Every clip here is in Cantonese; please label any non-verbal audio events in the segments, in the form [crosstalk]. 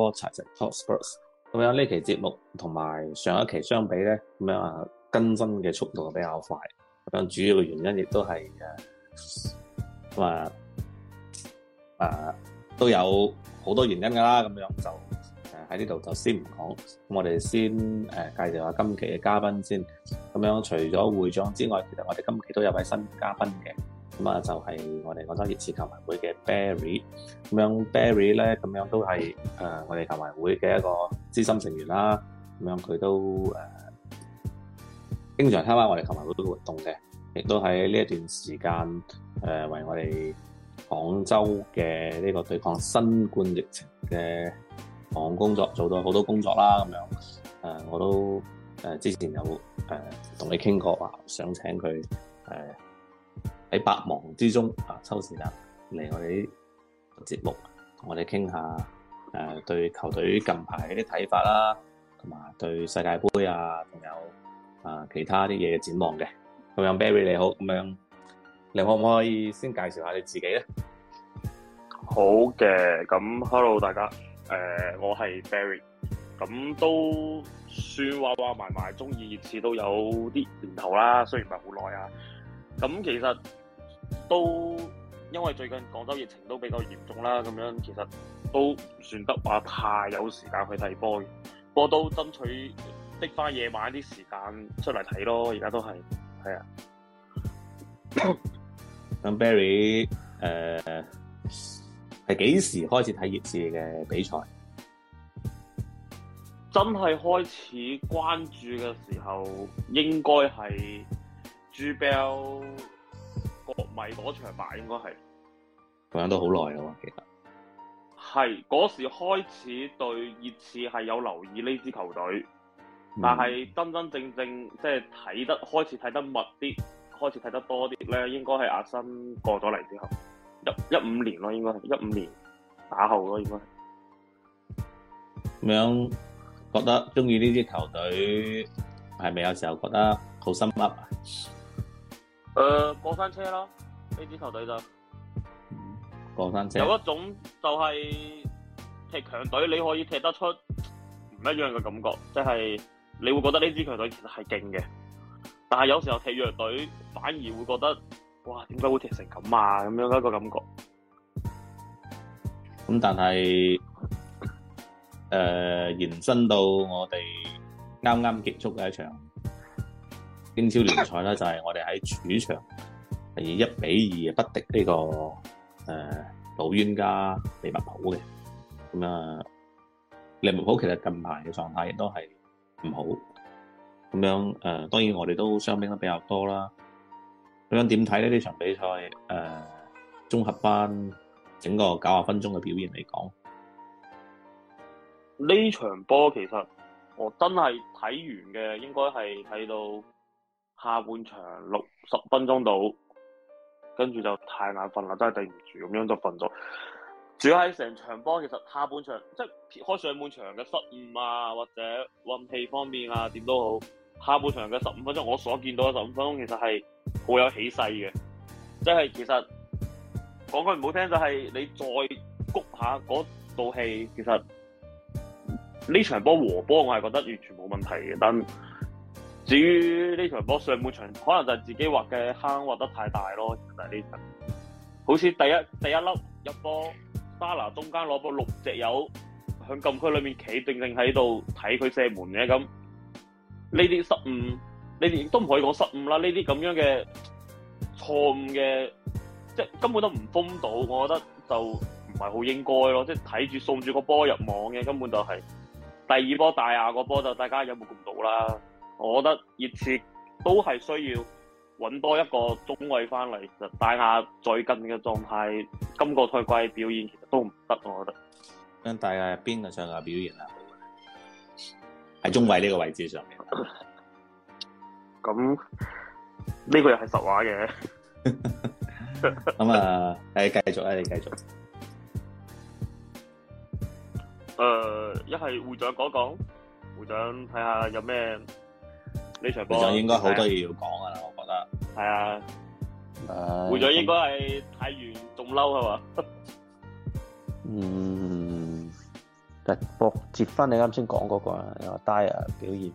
齊齊 Talk Spurs 咁樣呢期節目同埋上一期相比咧，咁樣啊更新嘅速度比較快，咁樣主要嘅原因亦都係誒，咁啊啊都有好多原因㗎啦，咁樣就誒喺呢度就先唔講，咁我哋先誒介紹下今期嘅嘉賓先，咁樣除咗會長之外，其實我哋今期都有位新嘉賓嘅。咁、嗯、啊，就係、是、我哋廣州熱刺球迷會嘅 Barry，咁樣 Barry 咧，咁樣都係誒、呃、我哋球迷會嘅一個資深成員啦。咁樣佢都誒、呃、經常參加我哋球迷會啲活動嘅，亦都喺呢一段時間誒、呃、為我哋廣州嘅呢個對抗新冠疫情嘅防控工作做咗好多工作啦。咁樣誒、呃，我都誒、呃、之前有誒同、呃、你傾過話，想請佢誒。呃喺百忙之中啊，抽時間嚟我哋節目，同我哋傾下誒、呃、對球隊近排啲睇法啦，同埋對世界盃啊，仲有啊其他啲嘢嘅展望嘅。咁樣，Barry 你好，咁樣，你可唔可以先介紹下你自己咧？好嘅，咁 Hello 大家，誒、呃、我係 Barry，咁都算話話埋埋鍾意熱刺都有啲年頭啦，雖然唔係好耐啊。咁其實～都因為最近廣州疫情都比較嚴重啦，咁樣其實都唔算得話太有時間去睇波嘅，不過都爭取的翻夜晚啲時間出嚟睇咯。而家都係係啊。咁、嗯、Berry，誒、呃、係幾時開始睇熱刺嘅比賽？真係開始關注嘅時候，應該係 G Bell 迷嗰場吧，應該係咁樣都好耐咯。其實係嗰時開始對熱刺係有留意呢支球隊、嗯，但係真真正正即係睇得開始睇得密啲，開始睇得，得多啲咧，應該係阿森過咗嚟之後，一一五年咯，應該係一五年打後咯，應該係咁樣覺得中意呢支球隊。係咪有時候覺得好心噏？誒、呃，過山車咯，呢支球隊就過山車。有一種就係踢強隊，你可以踢得出唔一樣嘅感覺，即係你會覺得呢支強隊其實係勁嘅。但係有時候踢弱隊，反而會覺得，哇，點解會踢成咁啊？咁樣一個感覺。咁、嗯、但係誒、呃，延伸到我哋啱啱結束嘅一場。英超聯賽咧就係我哋喺主場以一比二不敵呢個誒老冤家利物浦嘅，咁啊利物浦其實近排嘅狀態亦都係唔好，咁樣誒、呃、當然我哋都傷兵得比較多啦。咁樣點睇咧呢場比賽？誒、呃，綜合翻整個九十分鐘嘅表現嚟講，呢場波其實我真係睇完嘅，應該係睇到。下半場六十分鐘到，跟住就太眼瞓啦，真係頂唔住，咁樣就瞓咗。主要喺成場波，其實下半場即係撇開上半場嘅失誤啊，或者運氣方面啊，點都好，下半場嘅十五分鐘，我所見到嘅十五分鐘其實係好有起勢嘅，即係其實講句唔好聽，就係、是、你再谷下嗰套戲，其實呢場波和波，我係覺得完全冇問題嘅，但。至於呢場波上半場，可能就自己畫嘅坑畫得太大咯。就係呢場，好似第一第一粒入波沙 a 中間攞波六隻友，向禁區裏面企，正正喺度睇佢射門嘅咁。呢啲失誤，呢啲都唔可以講失誤啦。呢啲咁樣嘅錯誤嘅，即係根本都唔封到，我覺得就唔係好應該咯。即係睇住送住個波入網嘅，根本就係、是、第二波大亞個波就大家有冇共到啦。我覺得熱刺都係需要揾多一個中衛翻嚟。其實戴亞最近嘅狀態，今個賽季表現其實都唔得，我覺得。咁戴亞邊個上下表現係喺中衛呢個位置上面。咁 [laughs] 呢、這個又係實話嘅。咁 [laughs] 啊， [laughs] 你繼續啊，你繼續。誒，一係、呃、會長講講，會長睇下有咩？呢場波，會長應該好多嘢要講啊！我覺得，係啊，換、呃、咗應該係睇完仲嬲係嘛？嗯，誒、那個，Barry 接翻你啱先講嗰個啊，戴亞表現，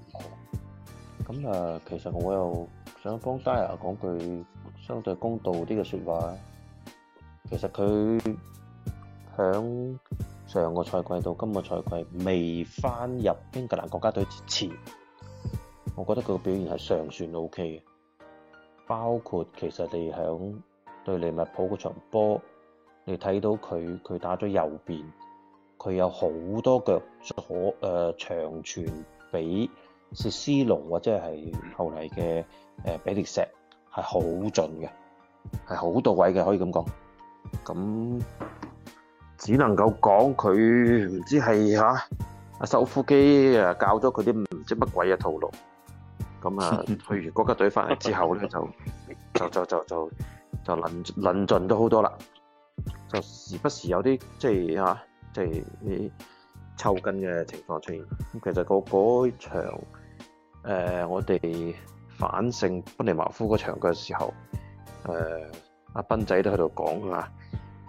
咁啊，其實我又想幫戴亞講句相對公道啲嘅説話。其實佢響上個賽季到今個賽季未翻入英格蘭國家隊之前。我覺得佢嘅表現係尚算 O K 嘅，包括其實你響對利物浦嗰場波，你睇到佢佢打咗右邊，佢有好多腳左誒長傳俾薛斯龍或者係後嚟嘅誒比利石係好盡嘅，係好到位嘅，可以咁講。咁只能夠講佢唔知係嚇阿首富基誒教咗佢啲唔知乜鬼嘅、啊、套路。咁 [laughs] 啊，去完國家隊翻嚟之後咧，就就就就就就論論盡都好多啦，就時不時有啲即係嚇，即係啲、啊、抽筋嘅情況出現。咁其實那個嗰場、呃、我哋反勝般尼茅夫嗰場嘅時候，誒、呃、阿斌仔都喺度講啊，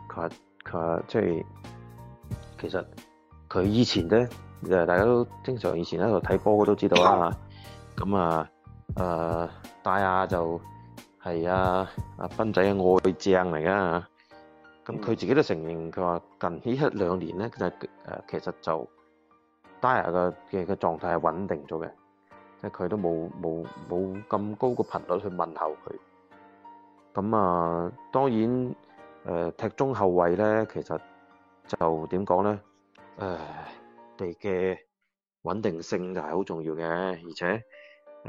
佢話佢話即係其實佢以前咧誒，大家都經常以前喺度睇波都知道啦嚇。 [laughs] 咁啊，誒戴亞就係啊，阿斌仔嘅愛將嚟㗎。咁佢自己都承認，佢話近呢一兩年咧，其實誒其實就戴亞嘅嘅狀態係穩定咗嘅，即係佢都冇冇冇咁高個頻率去問候佢。咁啊，當然誒踢中後衞咧，其實就點講咧？誒，哋嘅穩定性就係好重要嘅，而且，誒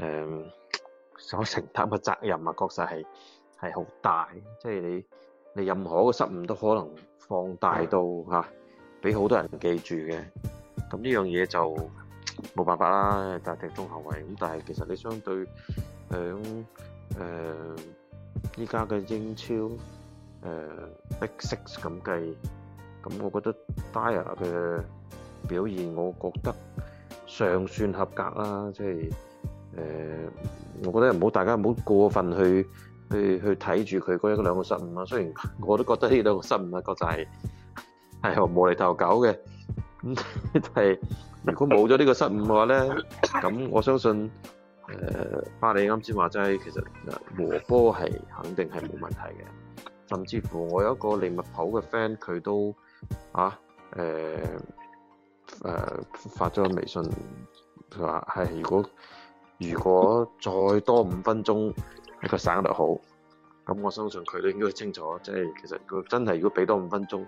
所承擔嘅責任啊，確實係係好大，即係你你任何一個失誤都可能放大到嚇，俾好多人記住嘅。咁呢樣嘢就冇辦法啦。但踢中後衞咁，但係其實你相對響誒依家嘅英超誒 Big Six 咁計，咁我覺得 Dyer 嘅表現，我覺得尚算合格啦，即係。誒、呃，我覺得唔好，大家唔好過分去去去睇住佢嗰一個兩個失誤啊。雖然我都覺得呢兩個失誤啊，個就係係無厘頭搞嘅。咁但係如果冇咗呢個失誤嘅話咧，咁我相信誒，Barry 啱先話，即其實和波係肯定係冇問題嘅。甚至乎我有一個利物浦嘅 friend，佢都啊誒誒、呃呃、發咗個微信，佢話係如果。如果再多五分鐘，一個省得好，咁我相信佢都應該會清楚。即係其實佢真係如果俾多五分鐘，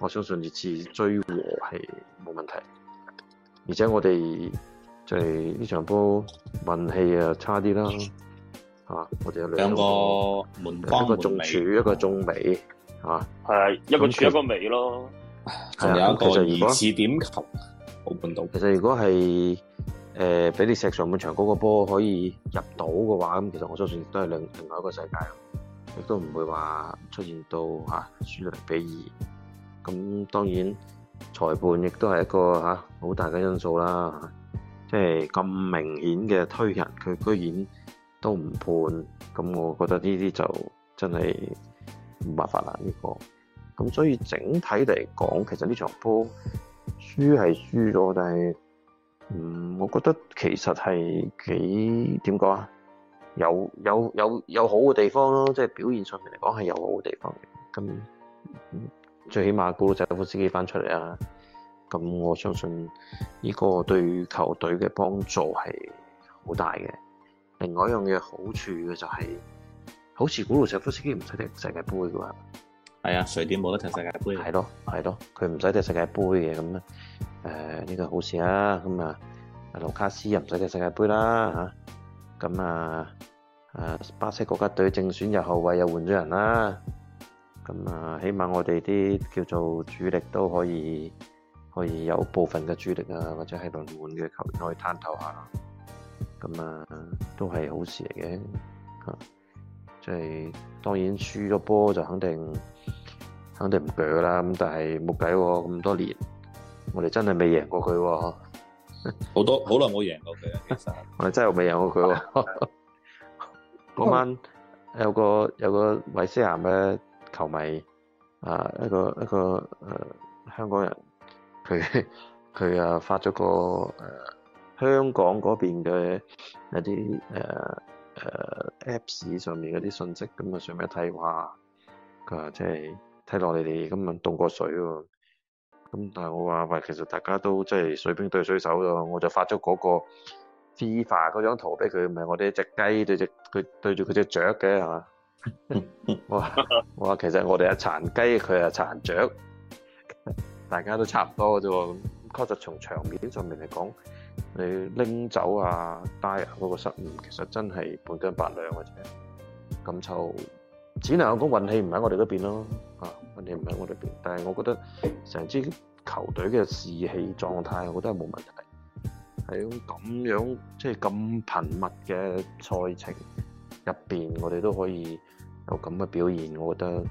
我相信二次追和係冇問題。而且我哋就係、是、呢場波運氣又差、嗯、啊差啲啦，係我哋有兩個，兩個門，門一個中柱、嗯、一個中尾、係、啊、嘛？係、啊、一個柱一個尾咯。仲、啊、有一個、嗯、其實個二次點球冇判到。其實如果係誒，俾啲石上半場嗰個波可以入到嘅話，咁其實我相信亦都係另另外一個世界，亦都唔會話出現到輸、啊、輸咗零比二。咁當然裁判亦都係一個好、啊、大嘅因素啦、啊，即係咁明顯嘅推人，佢居然都唔判，咁我覺得呢啲就真係冇辦法啦呢個。咁所以整體嚟講，其實呢場波輸係輸咗，但係。嗯，我覺得其實係幾點講啊？有有有有好嘅地方咯，即係表現上面嚟講係有好嘅地方的。咁最起碼古魯澤夫斯基翻出嚟啊，咁我相信呢個對球隊嘅幫助係好大嘅。另外一樣嘢好處嘅就係、是，好似古魯澤夫斯基唔使踢世界杯嘅話。係、哎、啊，瑞典冇得踢世界杯。係咯，係咯，佢唔使踢世界杯嘅咁咧。誒，呢、呃這個好事啊。咁啊，阿盧卡斯又唔使踢世界杯啦吓。咁啊，誒、啊，巴西國家隊正選入後衛又換咗人啦。咁啊，起碼我哋啲叫做主力都可以，可以有部分嘅主力啊，或者喺輪換嘅球員可以探討下。咁啊，都係好事嚟嘅。誒，當然輸咗波就肯定，肯定唔舉啦。咁但係冇計，咁多年我哋真係未贏過佢喎。 [laughs] 好多好耐冇贏過佢其實 [laughs] 我哋真係未贏過佢。嗰 [laughs] [laughs] 晚有個有個韋斯咸嘅球迷啊，一個一個誒、呃、香港人，佢佢啊發咗個誒、呃、香港嗰邊嘅一啲誒。呃誒、uh, Apps 上面嗰啲信息，咁啊上邊一睇，哇！佢話即係睇落你哋，咁啊凍過水喎。咁但係我話，唔係，其實大家都即係水兵對水手咯。我就發咗嗰個 FIFA 嗰張圖俾佢，唔係我哋一隻雞對隻佢對住佢隻雀嘅係嘛？我話我話，其實我哋係殘雞，佢係殘雀，大家都差唔多啫喎。咁確實從場面上面嚟講。你拎走啊，戴亞嗰個失誤其實真係半斤八兩嘅啫。咁就只能有講運氣唔喺我哋嗰邊咯，啊，運氣唔喺我哋邊。但係我覺得成支球隊嘅士氣狀態，我覺得係冇問題。喺咁樣即係咁頻密嘅賽程入邊，我哋都可以有咁嘅表現，我覺得誒、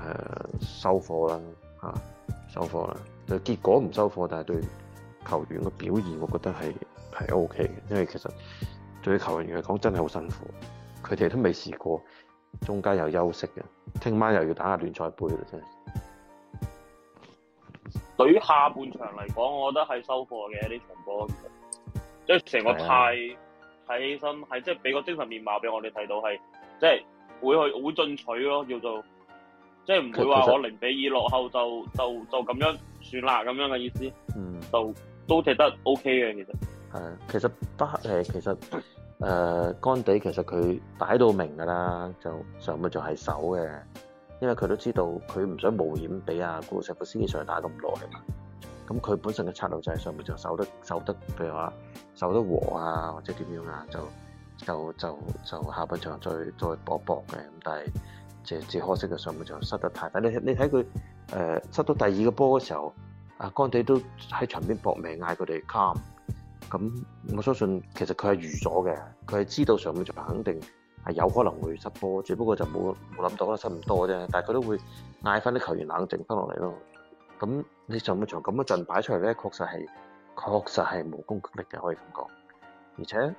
呃、收貨啦，吓、啊、收貨啦。誒，結果唔收貨，但係對球員嘅表現，我覺得係係 OK 嘅，因為其實對球員嚟講真係好辛苦，佢哋都未試過，中間有休息嘅，聽晚又要打下聯賽杯啦，真係。對於下半場嚟講，我覺得係收貨嘅，呢場波，即係成個太睇起身係，即係俾個精神面貌俾我哋睇到係，即係、就是、會去好進取咯，叫做即係唔會話我零比二落後就就就咁樣算啦，咁樣嘅意思，嗯，就。都踢得 OK 嘅，其實係、uh，其實不誒、呃，其實誒、呃，干地其實佢擺到明㗎啦，就上半場係守嘅，因為佢都知道佢唔想冒險俾阿古石布斯上打咁耐嘛。咁佢本身嘅策略就係上半場守得守得，譬如話守得和啊，或者點樣啊，就就就就下半場再再搏搏嘅。咁但係就只可惜嘅上半場失得太大。你你睇佢誒失到第二個波嘅時候。啊，干地都喺場邊搏命嗌佢哋 come，咁我相信其實佢係預咗嘅，佢係知道上半場肯定係有可能會失波，只不過就冇冇諗到啦，失唔多啫。但係佢都會嗌翻啲球員冷靜翻落嚟咯。咁你上半場咁一陣擺出嚟咧，確實係確實係無攻擊力嘅，可以咁講。而且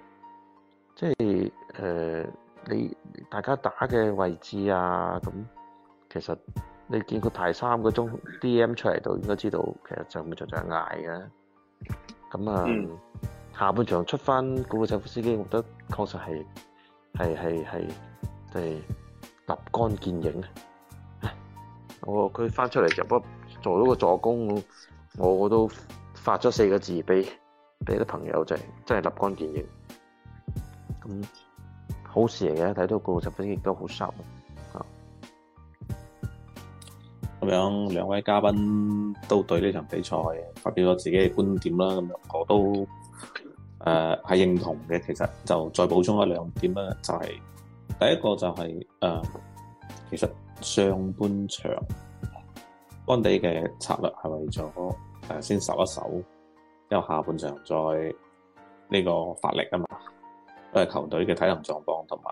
即係誒、呃，你大家打嘅位置啊，咁其實。你見佢大三個鐘 D.M 出嚟就應該知道其實上半場就係捱嘅。咁啊、嗯，下半場出翻嗰個古魯士夫斯基，我覺得確實係係係係就係立竿見影，我佢翻出嚟就不做咗個助攻，我都發咗四個字俾俾啲朋友，就係真係立竿見影。咁好事嚟嘅，睇到個古魯士夫斯基都好收。咁樣兩位嘉賓都對呢場比賽發表咗自己嘅觀點啦。咁我都誒係、呃、認同嘅。其實就再補充一兩點啦，就係、是、第一個就係、是、誒、呃，其實上半場安迪嘅策略係為咗誒、呃、先守一守，因為下半場再呢個發力啊嘛，因為球隊嘅體能狀況同埋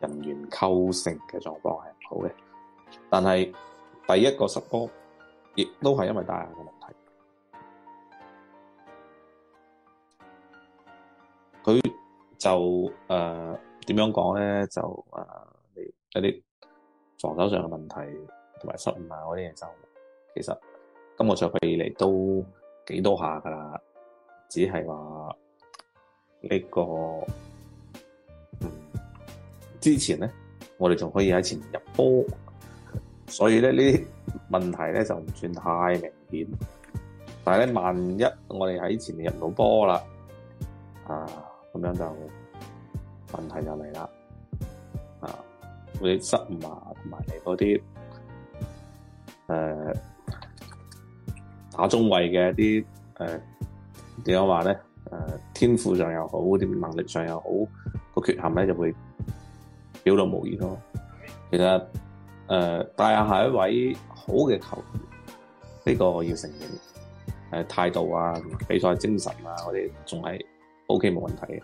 人員構成嘅狀況係唔好嘅，但係。第一個失波，亦都係因為戴亞嘅問題。佢就誒點、呃、樣講呢？就、呃、你一啲防守上嘅問題同埋失誤啊嗰啲嘢就其實今個賽季以嚟都幾多下噶啦，只係話呢個、嗯、之前呢，我哋仲可以喺前面入波。所以咧，呢啲問題呢就唔算太明顯，但係咧，萬一我哋喺前面入唔到波啦，咁、啊、樣就問題就嚟啦，啊，嗰啲失誤同埋嚟嗰啲誒打中衛嘅啲誒點樣話呢、啊？天賦上又好，啲能力上又好，個缺陷呢就會表露無遺咯，其實。誒、呃，但係下一位好嘅球員，呢、這個我要承認，誒、呃、態度啊、比賽精神啊，我哋仲係 O K 冇問題嘅。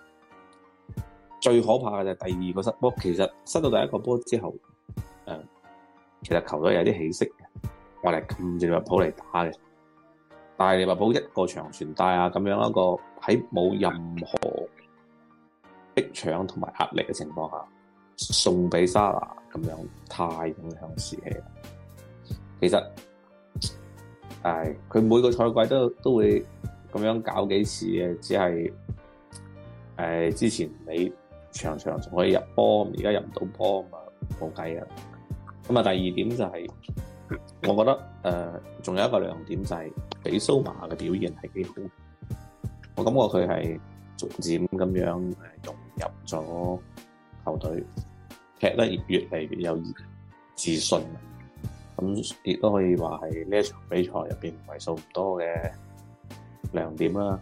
最可怕嘅就係第二個失波，其實失到第一個波之後，誒、呃，其實球隊有啲起色嘅，我哋禁住利物浦嚟打嘅，但係利物浦一個長傳帶啊，咁樣一個喺冇任何逼搶同埋壓力嘅情況下，送俾沙拿。咁樣太影響士氣啦。其實，誒佢每個賽季都都會咁樣搞幾次嘅，只係誒、呃、之前你場場仲可以入波，而家入唔到波咁啊冇計啊。咁、嗯、啊，第二點就係、是、我覺得誒，仲、呃、有一個亮點就係、是、比蘇馬嘅表現係幾好。我感覺佢係逐漸咁樣誒融入咗球隊。踢得越嚟越有自信，咁亦都可以話係呢一場比賽入面為數唔多嘅亮點啦。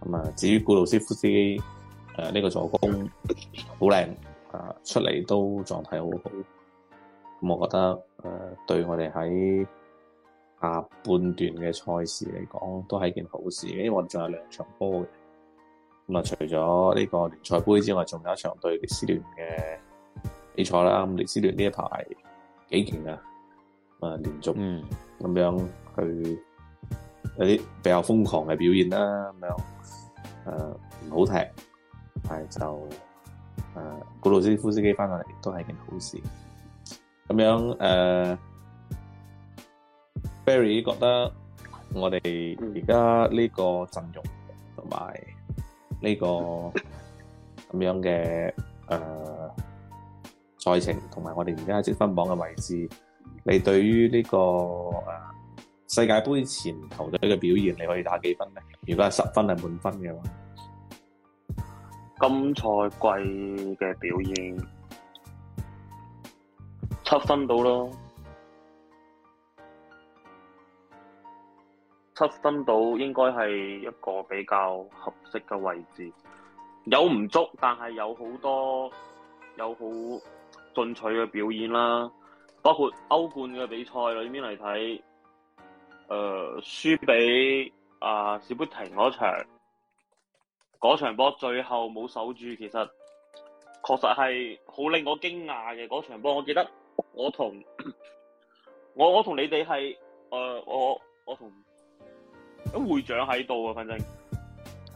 咁至於古魯斯夫斯基誒呢個助攻好靚，出嚟都狀態好好。咁我覺得誒對我哋喺下半段嘅賽事嚟講都係件好事，因為仲有兩場波嘅。咁啊，除咗呢個聯賽杯之外，仲有一場對列斯聯嘅。你錯啦！咁尼斯聯呢一排幾勁啊！啊，連續咁樣去有啲比較瘋狂嘅表現啦，咁樣誒唔、呃、好踢，但係就誒、呃、古魯斯夫斯基翻到嚟都係件好事。咁樣誒、呃、，Barry 覺得我哋而家呢個陣容同埋呢個咁樣嘅誒。呃賽程同埋我哋而家積分榜嘅位置，你對於呢個誒世界盃前球隊嘅表現，你可以打幾分咧？如果係十分係滿分嘅話，今賽季嘅表現七分到咯，七分到應該係一個比較合適嘅位置，有唔足，但係有好多有好，進取嘅表演啦，包括歐冠嘅比賽裏邊嚟睇，誒輸俾啊士砵亭嗰場，嗰場波最後冇守住，其實確實係好令我驚訝嘅嗰場波。我記得我同我我同你哋係誒我我同咁會長喺度啊，反正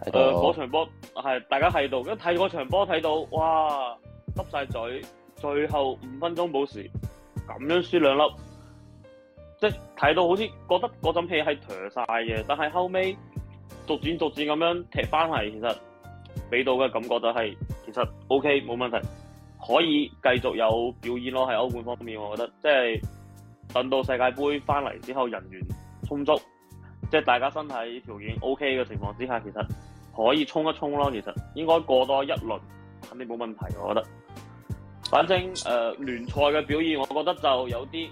誒嗰、呃、場波係大家喺度，咁睇嗰場波睇到，哇，笠晒嘴。最後五分鐘保時咁樣輸兩粒，即係睇到好似覺得嗰陣氣係陀晒嘅，但係後尾逐漸逐漸咁樣踢翻嚟，其實俾到嘅感覺就係、是、其實 O K 冇問題，可以繼續有表演咯喺歐冠方面，我覺得即係等到世界杯翻嚟之後人員充足，即係大家身體條件 O K 嘅情況之下，其實可以衝一衝咯，其實應該過多一輪肯定冇問題，我覺得。反正誒，聯賽嘅表現，我覺得就有啲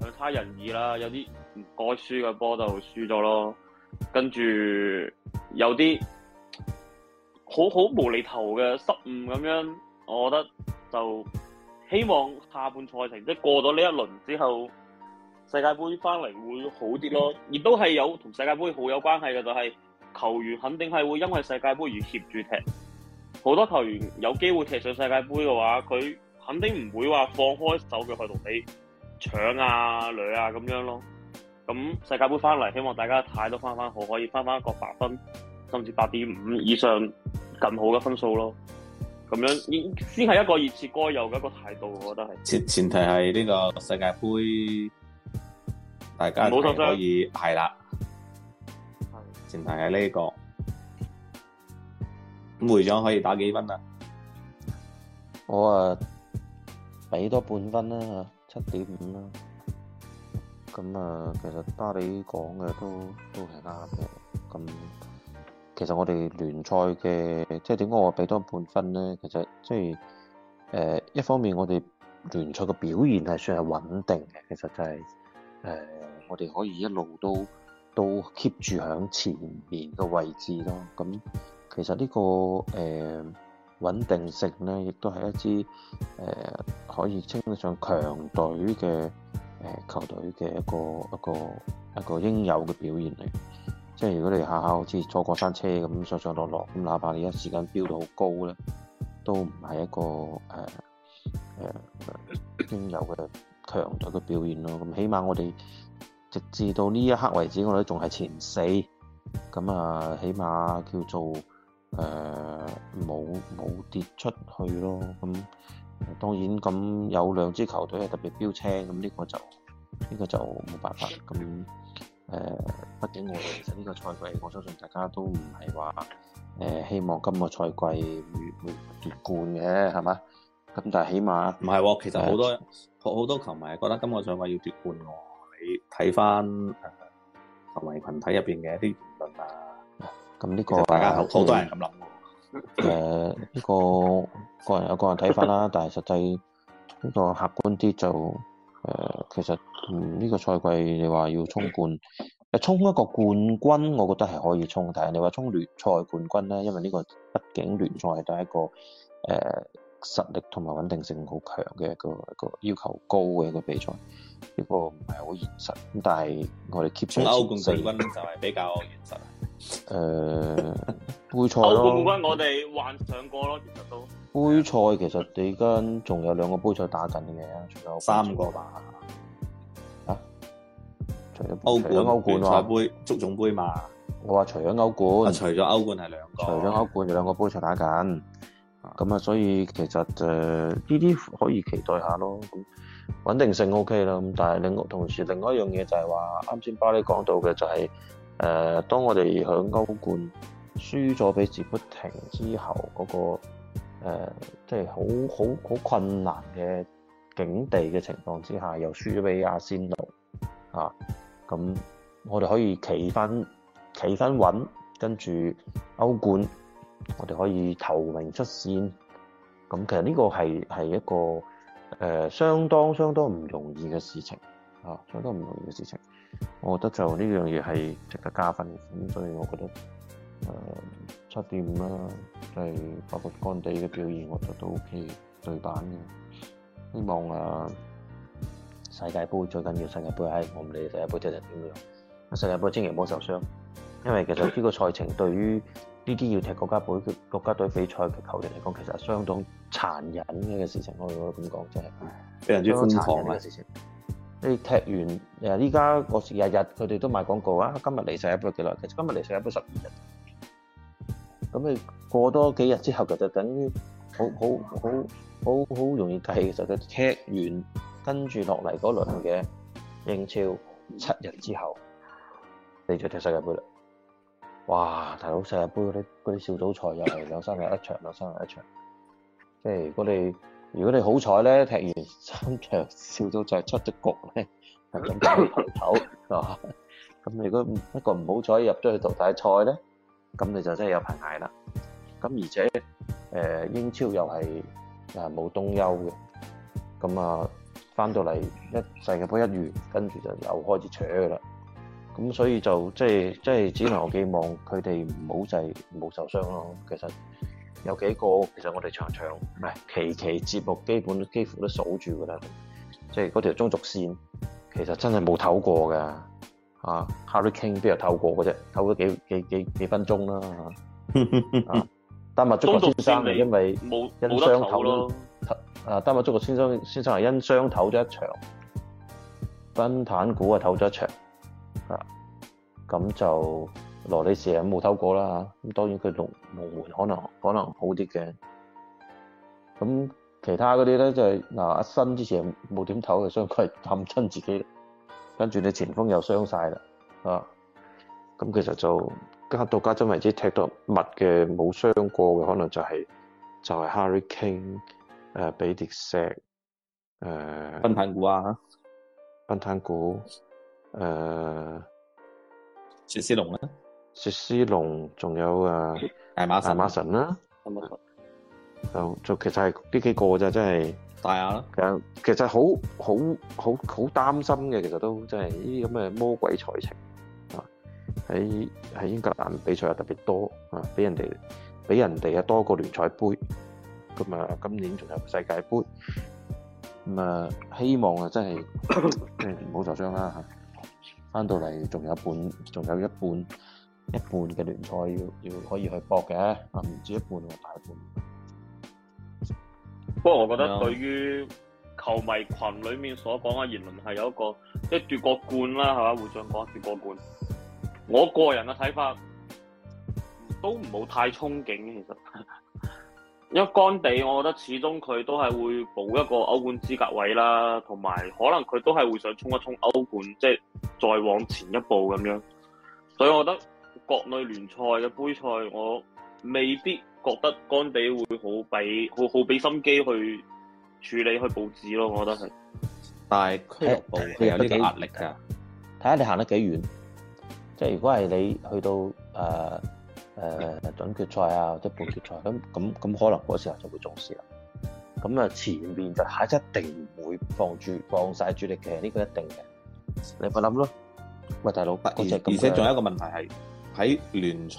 差強人意啦，有啲唔該輸嘅波就輸咗咯。跟住有啲好好無厘頭嘅失誤咁樣，我覺得就希望下半賽程，即係過咗呢一輪之後，世界杯翻嚟會好啲咯。亦都係有同世界杯好有關係嘅，就係、是、球員肯定係會因為世界杯而協住踢。好多球員有機會踢上世界盃嘅話，佢肯定唔會話放開手腳去同你搶啊、掠啊咁樣咯。咁世界盃翻嚟，希望大家態度翻翻好，可以翻翻一個八分甚至八點五以上更好嘅分數咯。咁樣先係一個熱刺該有嘅一個態度，我覺得係。前前提係呢個世界盃，大家係可以係啦。前提係呢個。會長可以打幾分啊？我啊，俾多半分啦，吓，七點五啦。咁啊，其實巴里講嘅都都係啱嘅。咁其實我哋聯賽嘅，即係點解我俾多半分咧？其實即係誒，一方面我哋聯賽嘅表現係算係穩定嘅，其實就係、是、誒、呃，我哋可以一路都都 keep 住喺前面嘅位置咯。咁其實呢個誒、呃、穩定性咧，亦都係一支誒、呃、可以稱得上強隊嘅誒、呃、球隊嘅一個一個一個,一個應有嘅表現嚟。即係如果你下下好似坐過山車咁上上落落，咁哪怕你一時間飆到好高咧，都唔係一個誒誒、呃呃、應有嘅強隊嘅表現咯。咁起碼我哋直至到呢一刻為止，我哋都仲係前四，咁啊起碼叫做。誒、呃，冇冇跌出去咯，咁，、呃、當然，咁有兩支球隊係特別標青，咁呢個就呢、這個就冇辦法。咁誒、畢、呃、竟我哋其實呢個賽季，我相信大家都唔係話誒希望今個賽季會會奪冠嘅，係嘛？咁但係起碼唔係，其實好多好、呃、多球迷覺得今個賽季要奪冠喎。你睇翻、呃、球迷群體入邊嘅一啲言論啊？咁、嗯、呢、這個，大家好多人咁諗。誒、啊，呢、 [laughs] 呃這個個人有個人睇法啦，但係實際呢個客觀啲就誒、呃，其實呢、嗯這個賽季你話要衝冠，誒、呃、衝一個冠軍，我覺得係可以衝，但係你話衝聯賽冠軍咧，因為呢個畢竟聯賽係第一個誒、呃、實力同埋穩定性好強嘅一個一個要求高嘅一個比賽，呢、這個唔係好現實。咁但係我哋 keep 住衝歐冠冠軍就係比較現實。 [laughs] 誒、呃，杯賽冠軍我哋幻想過咯，其實都杯賽其實而家仲有兩個杯賽打緊嘅，除咗三個吧，啊？除咗歐冠啊，除咗歐冠啊，除咗歐冠係兩個，除咗歐冠就兩個杯賽打緊，咁啊，所以其實誒呢啲可以期待下咯，咁穩定性 OK 啦，咁但係另同時另外一樣嘢就係話啱先巴里講到嘅就係、是。誒，當我哋喺歐冠輸咗俾士砵亭之後，嗰、那個、呃、即係好好好困難嘅境地嘅情況之下，又輸咗俾阿仙奴，嚇、啊，咁我哋可以企翻企翻穩，跟住歐冠，我哋可以頭名出線。咁其實呢個係係一個誒、呃，相當相當唔容易嘅事情，嚇、啊，相當唔容易嘅事情。我覺得就呢樣嘢係值得加分嘅，咁所以我覺得誒七點五啦，係、呃啊就是、包括干地嘅表現，我覺得都 O K 對板嘅。希望誒世界杯最緊要世界杯，我唔理世界杯踢成點樣，世界杯千祈唔好受傷，因為其實呢個賽程對於呢啲要踢國家杯、國家隊比賽嘅球員嚟講，其實相當殘忍嘅事情，我哋可以咁講，即係非常之瘋狂啊！你踢完誒，依家個日日佢哋都賣廣告啊！今日嚟世界杯幾耐？其實今日嚟世界杯十二日。咁你過多幾日之、之後，其實等於好好好好好容易計嘅，就踢完跟住落嚟嗰輪嘅英超七日之後你就踢世界杯啦！哇，大佬世界杯啲嗰啲小組賽又係兩三日一場，兩三日一場，即係如果你。如果你好彩咧踢完三場笑到就出咗局咧，係咁交朋友係咁，如果一個唔好彩入咗去淘汰賽咧，咁你就真係有排挨啦。咁而且英超又係冇冬休嘅，咁啊翻到嚟一世界盃一月，跟住就又開始扯噶啦。咁所以就即係即係只能我寄望佢哋唔好就係冇受傷咯。其實。有幾個其實我哋場場唔係期期節目基本幾乎都數住噶啦，即係嗰條中軸線其實真係冇唞過㗎。啊 Harry Kane 邊日唞過嘅啫？唞咗幾幾幾，幾分鐘啦嚇。丹、 [laughs] 啊、麥中國先生係因為冇因傷唞。咯， [laughs] 啊，丹麥中國先生先生係因傷唞咗一場，奔坦股啊唞咗一場，嚇咁就。羅里士冇偷過啦嚇，咁當然佢龍龍門可能可能好啲嘅，咁其他嗰啲咧就係嗱，阿新之前冇點投嘅，佢係氹親自己，跟住你前鋒又傷晒啦，啊，咁其實就加到家陣為止踢到密嘅冇傷過嘅，可能就係、是、就係 Harry Kane 誒俾啲石誒，班、呃、坦古啊，班坦古，誒、呃，薛斯隆啊。薛斯隆，仲有誒、啊，阿馬神啦，阿馬，啊、馬就就其實係呢幾個啫，真係。戴亞啦。其實好好好好擔心嘅，其實都真係呢啲咁嘅魔鬼賽程。啊！喺喺英格蘭比賽又特別多啊，比人哋比人哋啊多個聯賽杯，咁啊今年仲有世界盃，咁啊希望啊真係唔好受傷啦嚇！翻到嚟仲有半，仲有一半。一半嘅聯賽要要可以去搏嘅，啊，唔止一半喎，大半。不過我覺得對於球迷群裏面所講嘅言論係有一個，即係奪個冠啦，係嘛？會長講奪個冠。我個人嘅睇法都唔好太憧憬，其實，因為干地，我覺得始終佢都係會保一個歐冠資格位啦，同埋可能佢都係會想衝一衝歐冠，即係再往前一步咁樣。所以我覺得。國內聯賽嘅杯賽，我未必覺得乾地會好俾好好俾心機去處理去佈置咯，我覺得係。但係俱樂部佢有呢個壓力噶，睇下你行得幾遠。即係如果係你去到誒誒誒準決賽啊，或者半決賽咁咁咁可能嗰時候就會重視啦。咁啊前面就一定唔會放住放晒主力嘅呢個一定嘅，你咪諗咯。喂，大佬，而且仲有一個問題係。喺聯賽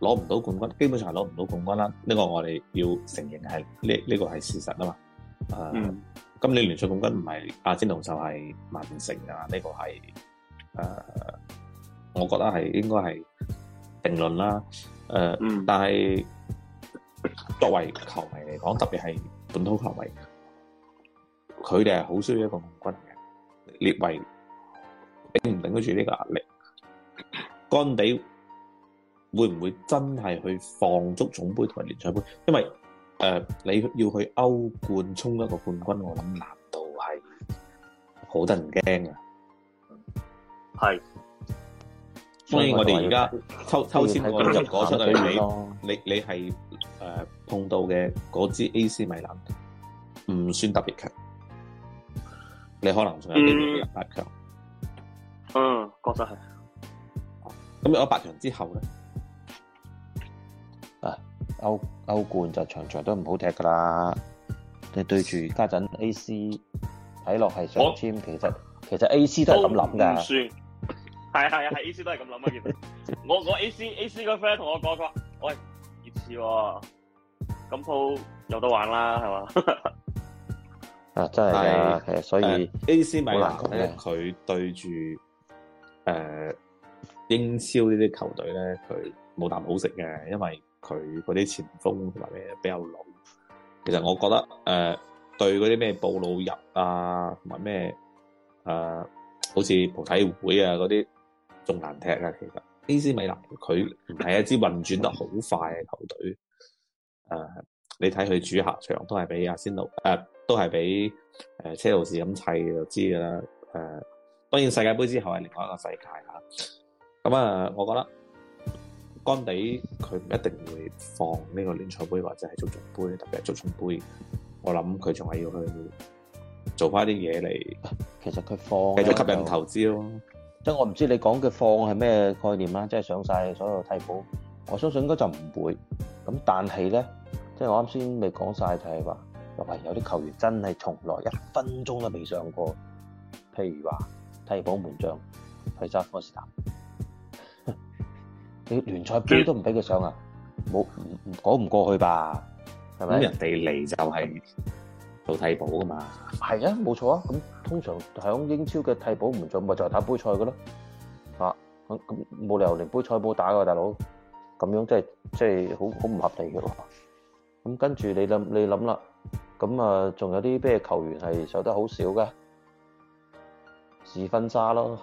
攞唔到冠軍，基本上係攞唔到冠軍啦。呢個我哋要承認係呢呢個係事實啊嘛。誒，今年聯賽冠軍唔係阿仙奴就係曼城啊？呢個係誒，我覺得係應該係定論啦。誒，但係作為球迷嚟講，特別係本土球迷，佢哋係好需要一個冠軍嘅列位頂唔頂得住呢個壓力？干地？會唔會真係去放足總盃同埋聯賽盃？因為誒、呃，你要去歐冠衝一個冠軍，我諗難度係好得人驚噶。係，所以我哋而家抽我抽籤嗰個結果出嚟，你你你係誒、呃、碰到嘅嗰支 A. A4 C. [laughs] 米蘭，唔算特別強，你可能仲有啲入八強。嗯，確、嗯、實係。咁入咗八強之後咧？歐歐冠就場場都唔好踢噶啦，你對住家陣 A C 睇落係上簽，其實其實 A C 都係咁諗噶。我唔算，係係係 A C 都係咁諗啊！其實我我 A C [laughs] A C 個 friend 同我講佢話，喂，熱刺咁鋪有得玩啦，係嘛？ [laughs] 啊 uh, uh, 啊？啊真係，係啊，所以 A C 咪難講嘅。佢對住誒英超呢啲球隊咧，佢冇啖好食嘅，因為。佢嗰啲前鋒同埋咩比較老，其實我覺得誒、呃、對嗰啲咩布魯日啊同埋咩誒，好似葡體會啊嗰啲仲難踢啊。其實 AC 米蘭佢唔係一支運轉得好快嘅球隊，誒、呃，你睇佢主客場都係比阿仙奴誒、呃，都係比誒車路士咁砌就知噶啦。誒、呃，當然世界杯之後係另外一個世界吓，咁啊、嗯呃，我覺得。干地佢唔一定會放呢個聯賽杯或者係足總杯，特別係足總杯。我諗佢仲係要去做翻啲嘢嚟。其實佢放繼續吸引投資咯、嗯嗯嗯。即係我唔知道你講嘅放係咩概念啦。即係上晒所有替補。我相信應該就唔會。咁但係咧，即係我啱先未講晒，就係話，話有啲球員真係從來一分鐘都未上過。譬如話替補門將費沙科士坦。你聯賽杯都唔俾佢上啊！冇唔唔講唔過去吧？係咪人哋嚟就係做替補噶嘛？係啊，冇錯啊。咁通常響英超嘅替補唔進，咪就係打杯賽嘅咯、啊。啊咁咁冇理由連杯賽都冇打嘅、啊、大佬，咁樣即係即係好好唔合理嘅喎、啊。咁跟住你諗你諗啦，咁啊仲有啲咩球員係受得好少嘅？試婚紗咯，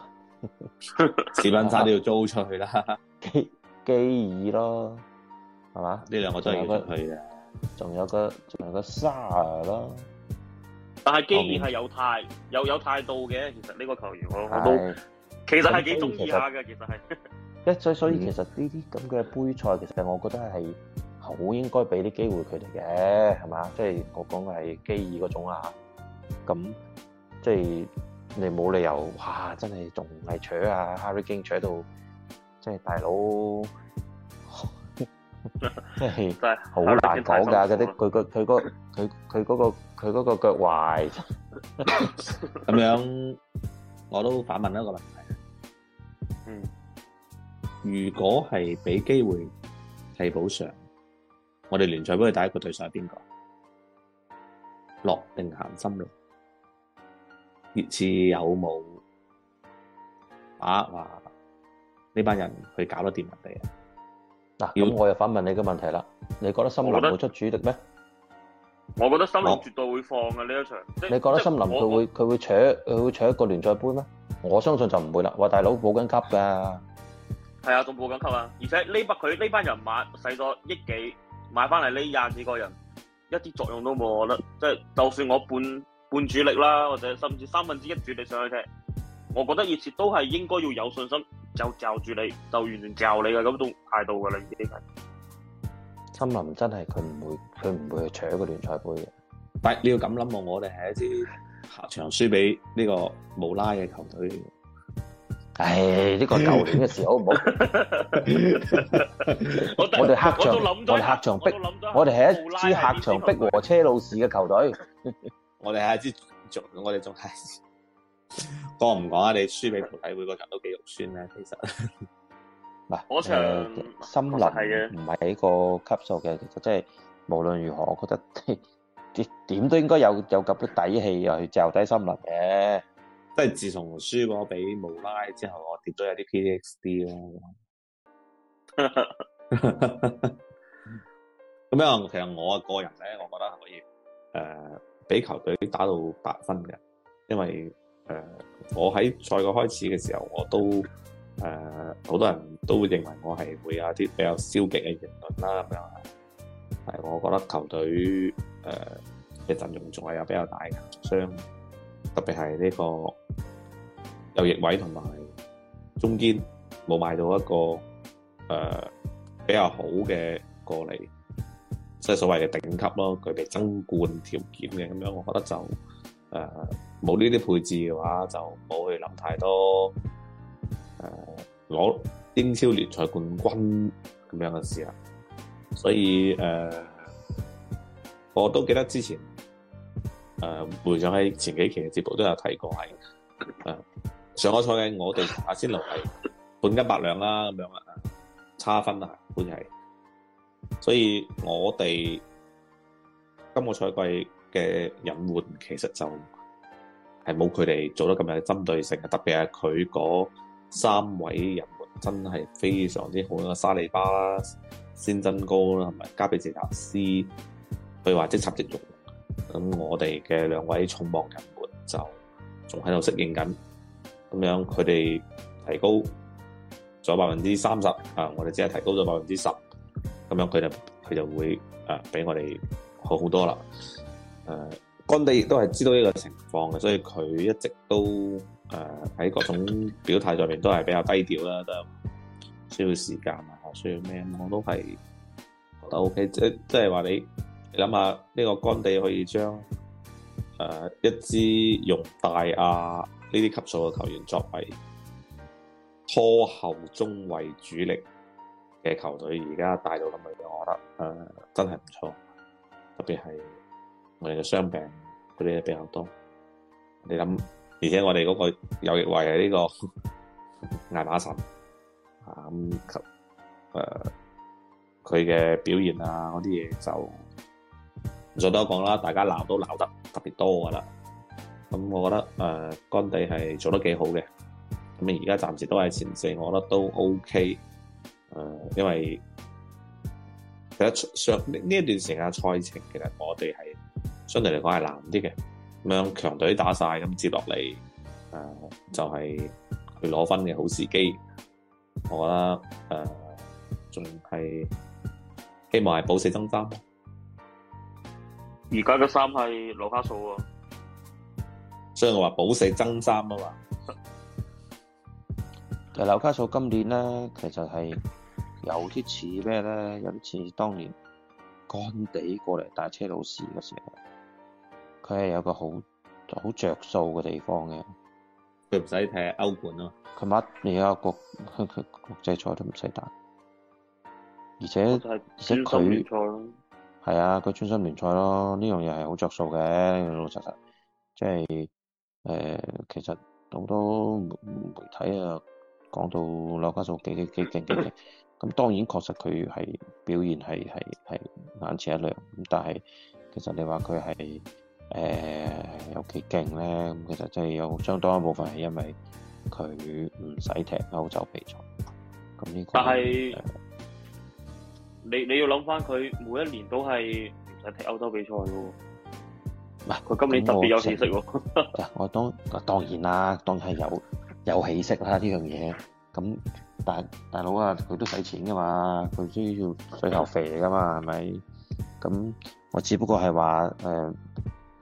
試婚紗都要租出去啦。 [laughs] 基爾咯，係嘛？呢兩個真係要得佢嘅，仲有個，仲有個沙啦。但係基爾係有態，有有態度嘅。其實呢個球員我都，其實係幾中意下嘅。其實係，一所以所以、嗯、其實呢啲咁嘅杯賽，其實我覺得係好應該俾啲機會佢哋嘅，係嘛？即係我講嘅係基爾嗰種啊。咁即係你冇理由哇！真係仲係扯啊，Harry Kane 扯到。 [laughs] 即係大佬，即係好難講噶。嗰啲，佢個佢嗰佢佢嗰個佢嗰個腳踝，咁樣我都反問一個問題，如果係俾機會替補上，我哋聯賽俾佢第一個對手係邊個？落定咸心路，熱刺有冇？啊！呢班人去搞得掂啊。你啊！嗱，咁我又反問你個問題啦，你覺得森林會出主力咩？我覺得森林、哦、絕對會放嘅呢一場。你覺得森林佢會佢會，會扯，佢會扯一個聯賽杯咩？我相信就唔會啦。話大佬保緊級㗎，係啊，仲保緊級啊！而且呢筆佢呢班人買使咗億幾買翻嚟呢廿幾個人，一啲作用都冇。我覺得即係就算我半半主力啦，或者甚至三分之一主力上去踢，我覺得熱刺都係應該要有信心。就罩住你，就完全罩你嘅咁種態度嘅啦，呢啲人。森林真係佢唔會，佢唔會去搶個聯賽杯嘅。但係你要咁諗喎，我哋係一支客場輸俾呢個姆拉嘅球隊。唉，呢個舊年嘅時候好唔好？我我哋客場，我哋客場逼，我哋係一支客場逼和車路士嘅球隊。我哋係一支，我哋仲係。講唔講啊？你輸俾菩提，每個人都幾肉酸咧。其實嗱，我場森 [laughs] 林係嘅，唔係呢個級數嘅。其實即係無論如何，我覺得點 [laughs] 都應該有有咁嘅底氣去罩低森林嘅。即係自從輸過俾無拉之後，我跌咗有啲 P X D 咯。咁 [laughs] 樣 [laughs] 其實我啊個人咧，我覺得可以誒，俾、呃、球隊打到八分嘅，因為。誒，我喺賽季開始嘅時候，我都誒，好、呃、多人都會認為我係會有一啲比較消極嘅言論啦咁樣。係、就是、我覺得球隊誒嘅陣容仲係有比較大嘅傷，特別係呢個右翼位同埋中堅冇買到一個誒、呃、比較好嘅過嚟，即、就是、所謂嘅頂級咯，佢哋爭冠條件嘅咁樣，我覺得就。誒、呃，冇呢啲配置嘅話，就冇去諗太多誒，攞、呃、英超聯賽冠軍咁樣嘅事啦。所以誒、呃，我都記得之前誒、呃，回想起前幾期嘅節目都有提過係誒、呃，上個賽季我哋同阿仙奴係半斤八兩啦咁樣啊，差分啊，好似係。所以我哋今個賽季。嘅引援其實就係冇佢哋做得咁有針對性啊。特別係佢嗰三位引援真係非常之好，個沙利巴啦、先真高啦，同埋加比哲塔斯。譬如話即插即用咁，我哋嘅兩位重磅引援就仲喺度適應緊咁樣。佢哋提高咗百分之三十啊，我哋只係提高咗百分之十咁樣就，佢哋佢就會啊，比我哋好好多啦。誒、呃，干地亦都係知道呢個情況嘅，所以佢一直都誒喺、呃、各種表態上面都係比較低調啦，都需要時間啊，需要咩？我都係覺得 OK，即即係話你你諗下呢個干地可以將誒、呃、一支用戴亞呢啲級數嘅球員作為拖後中衛主力嘅球隊，而家帶到咁樣，我覺得誒、呃、真係唔錯，特別係。我們的傷病也比較多你想而且我們那個右翼衛這個呵呵艾馬臣啊、嗯呃、他的表現啊那些東西就不再多講啦大家鬧都鬧得特別多的了我覺得呃干地是做得挺好的那麼現在暫時都是前四我覺得都 ok 呃因為其實上這段時間賽程其實我們是相對嚟講係難啲嘅，咁樣強隊打晒，咁接落嚟，就係去攞分嘅好時機。我啊，得，仲、呃、係希望係保四增三。而家嘅三係紐卡素啊，所以我話保四增三啊嘛。但係紐卡素今年呢，其實係有啲似咩呢？有啲似當年干地過嚟帶車路士嘅時候。佢係有個好好著數嘅地方嘅，佢唔使踢歐冠咯，佢乜你有個國際賽都唔使打，而且而且佢係啊，佢專心聯賽咯，呢樣嘢係好着數嘅，老實實，即係誒、呃、其實好多媒體啊講到紐卡素幾幾幾勁幾勁，咁 [coughs] 當然確實佢係表現係係係眼前一亮，咁但係其實你話佢係。誒有幾勁咧？咁其實真係有相當一部分係因為佢唔使踢歐洲比賽。咁呢個但係你你要諗翻佢每一年都係唔使踢歐洲比賽喎。嗱，佢今年特別有起色喎。我當當然啦，當然係有有起色啦呢樣嘢。咁但大佬啊，佢都使錢噶嘛，佢需要最後肥噶嘛，係咪？咁我只不過係話誒。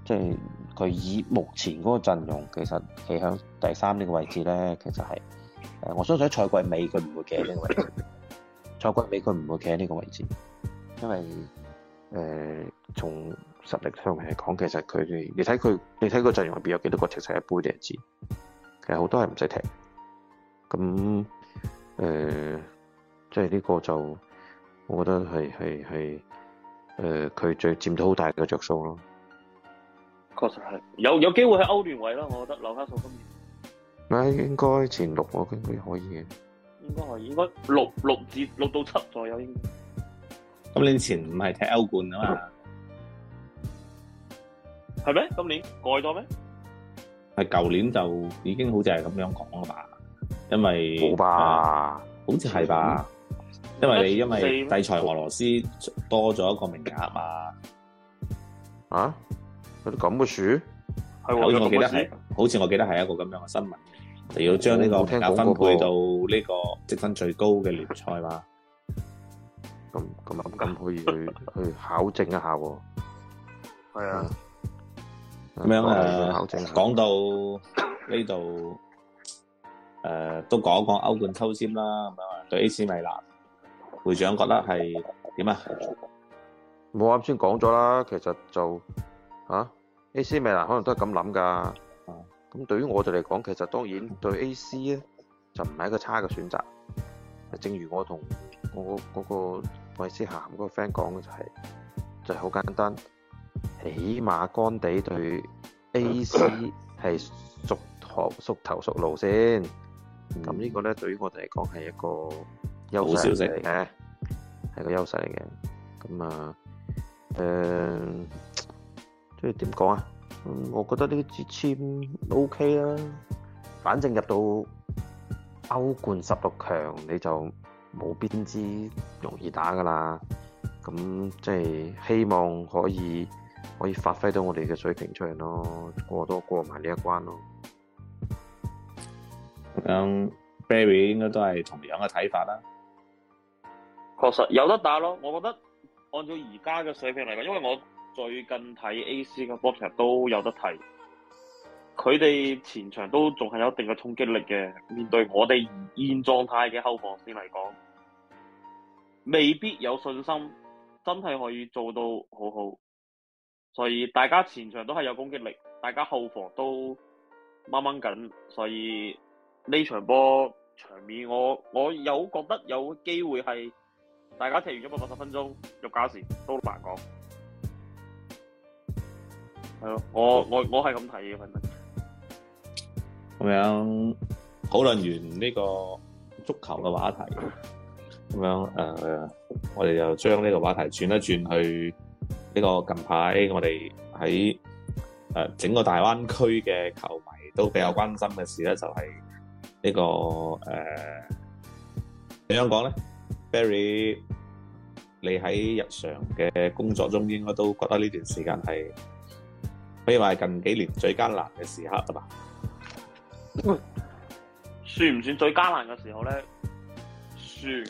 即係佢以目前嗰個陣容其在個，其實企喺第三呢個位置咧，其實係誒我相信喺賽季尾佢唔會企喺呢個位置。賽季尾佢唔會企喺呢個位置，因為誒、呃、從實力上面嚟講，其實佢哋你睇佢你睇個陣容入邊有幾多個踢世界盃你就知。其實好多係唔使踢咁誒。即係呢個就我覺得係係係誒，佢、呃、最佔到好大嘅着數咯。確實係有有機會喺歐聯位啦，我覺得劉家數今年，嗱應該前六我估佢可以嘅，應該可以，應該六六至六到七左右應該。今年前唔係踢歐冠啊嘛，係咩？今年改咗咩？係舊年就已經好似係咁樣講噶嘛，因為冇吧？呃、好似係吧、嗯？因為你、啊、因為制裁俄羅斯多咗一個名額嘛，啊？咁嘅樹，好似我記得係，好似我記得係一個咁樣嘅新聞，就要將呢個分配到呢個積分最高嘅聯賽啦。咁咁咁可以去 [laughs] 去考證一下喎。係 [laughs] 啊，咁樣啊，考證下。講到呢度，誒、 [coughs] 呃，都講講歐冠抽籤啦，係對 AC 米蘭會長覺得係點啊？我啱先講咗啦，其實就。吓、啊，A.C. 米蘭可能都係咁諗噶。咁對於我哋嚟講，其實當然對 A.C. 咧就唔係一個差嘅選擇。正如我同我嗰、那個那個韋斯咸嗰個 friend 講嘅就係、是，就係、是、好簡單，起碼干地對 A.C. 係熟學熟頭熟路先。咁、嗯、呢個咧對於我哋嚟講係一個優勢嚟嘅，係個優勢嚟嘅。咁啊，誒、呃。即係點講啊？嗯，我覺得呢支簽 OK 啦，反正入到歐冠十六強你就冇邊支容易打噶啦。咁即係希望可以可以發揮到我哋嘅水平出嚟咯，過多過埋呢一關咯。嗯，Barry 應該都係同樣嘅睇法啦。確實有得打咯，我覺得按照而家嘅水平嚟講，因為我。最近睇 A.C. 嘅波成日都有得睇，佢哋前場都仲係有一定嘅衝擊力嘅，面對我哋現狀態嘅後防線嚟講，未必有信心真係可以做到好好。所以大家前場都係有攻擊力，大家後防都掹掹緊，所以呢場波場面我我又覺得有機會係大家踢完咗一百八十分鐘入加時都難講。我我我係咁睇嘅，咁樣討論完呢個足球嘅話題，咁 [laughs] 樣誒，uh, 我哋就將呢個話題轉一轉去呢個近排我哋喺誒整個大灣區嘅球迷都比較關心嘅事咧、這個，就、uh, 係呢個誒點樣講咧？Barry，你喺日常嘅工作中，應該都覺得呢段時間係。比如話近幾年最艱難嘅時刻啊嘛，算唔算最艱難嘅時候咧？算，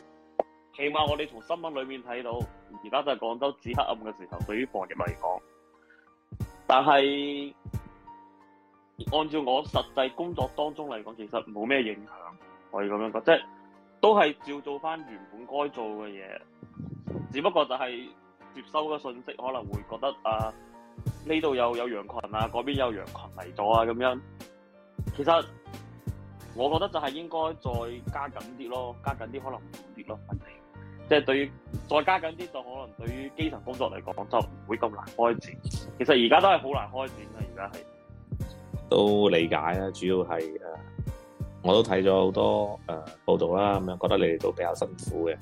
起碼我哋從新聞裏面睇到，而家就係廣州最黑暗嘅時候，對於防疫嚟講。但係按照我實際工作當中嚟講，其實冇咩影響，可以咁樣講，即係都係照做翻原本該做嘅嘢，只不過就係接收嘅信息可能會覺得啊。呢度又有羊群啊，嗰邊有羊群嚟咗啊，咁樣，其實我覺得就係應該再加緊啲咯，加緊啲可能好啲咯，反正，即係對於再加緊啲就可能對於基層工作嚟講就唔會咁難開展。其實而家都係好難開展啊，而家係都理解啊，主要係誒，我都睇咗好多誒、呃、報道啦，咁樣覺得你哋都比較辛苦嘅，誒、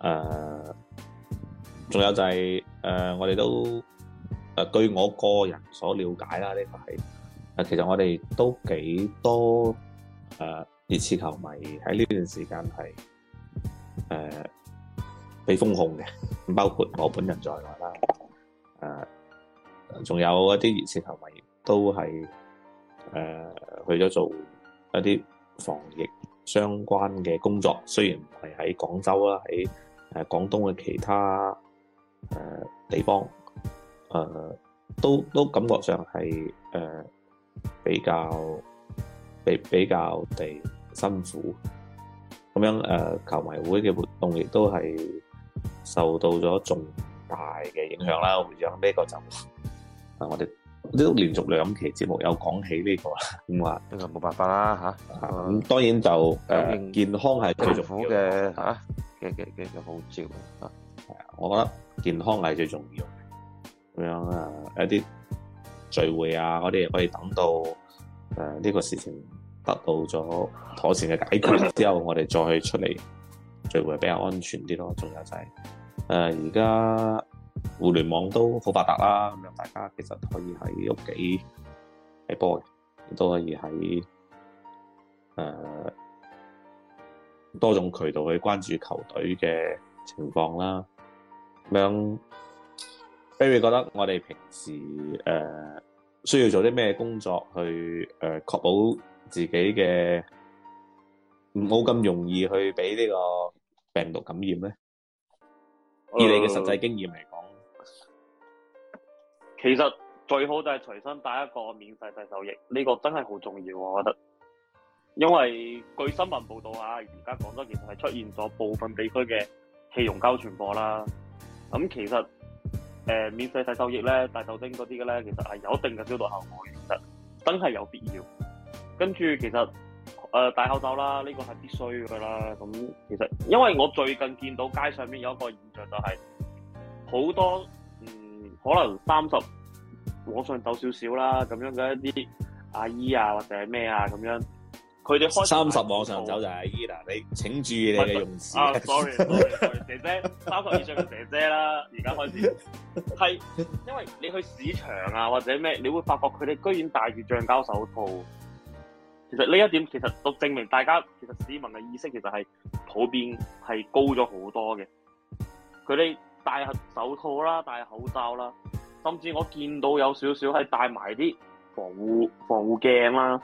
呃，仲有就係、是、誒、呃、我哋都。誒，據我個人所了解啦，呢個係誒，其實我哋都幾多誒熱刺球迷喺呢段時間係誒被封控嘅，包括我本人在內啦。誒，仲有一啲熱刺球迷都係誒去咗做一啲防疫相關嘅工作，雖然唔係喺廣州啦，喺誒廣東嘅其他誒地方。誒、呃，都都感覺上係誒、呃、比較比比較地辛苦，咁樣誒、呃、球迷會嘅活動亦都係受到咗重大嘅影響啦。我唔想呢個就啊，我哋都連續兩期節目有講起呢、這個啦。咁 [laughs] 話、嗯，呢個冇辦法啦吓。咁、嗯、當然就誒，健康係最苦嘅吓嘅嘅嘅好招啊。我覺得健康係最重要的、啊。啊啊咁樣啊，有啲聚會啊，嗰啲可以等到誒呢個事情得到咗妥善嘅解決之後，我哋再去出嚟聚會比較安全啲咯。仲有就係誒，而家互聯網都好發達啦，咁樣大家其實可以喺屋企睇波，亦都可以喺誒多種渠道去關注球隊嘅情況啦，咁樣。Barry，你會覺得我哋平時誒、呃、需要做啲咩工作去誒、呃、確保自己嘅唔好咁容易去俾呢個病毒感染咧？以你嘅實際經驗嚟講，其實最好就係隨身帶一個免洗洗手液，呢、呢個真係好重要，我覺得。因為據新聞報道啊，而家廣州其實係出現咗部分地區嘅氣溶膠傳播啦。咁其實誒免洗洗手液咧、大酒精嗰啲嘅咧，其實係有一定嘅消毒效果，其實真係有必要。跟住其實誒、呃、戴口罩啦，呢個係必須㗎啦。咁其實因為我最近見到街上面有一個現象，就係好多嗯可能三十往上走少少啦，咁樣嘅一啲阿姨啊或者咩啊咁樣。佢哋三十往上走就係阿姨啦，你請注意你嘅用詞。啊，oh，sorry，sorry，sorry，姐姐，三十以上嘅姐姐啦，而家開始係，因為你去市場啊或者咩，你會發覺佢哋居然戴住橡膠手套。其實呢一點其實都證明大家其實市民嘅意識其實係普遍係高咗好多嘅。佢哋戴手套啦，戴口罩啦，甚至我見到有少少係戴埋啲防護防護鏡啦。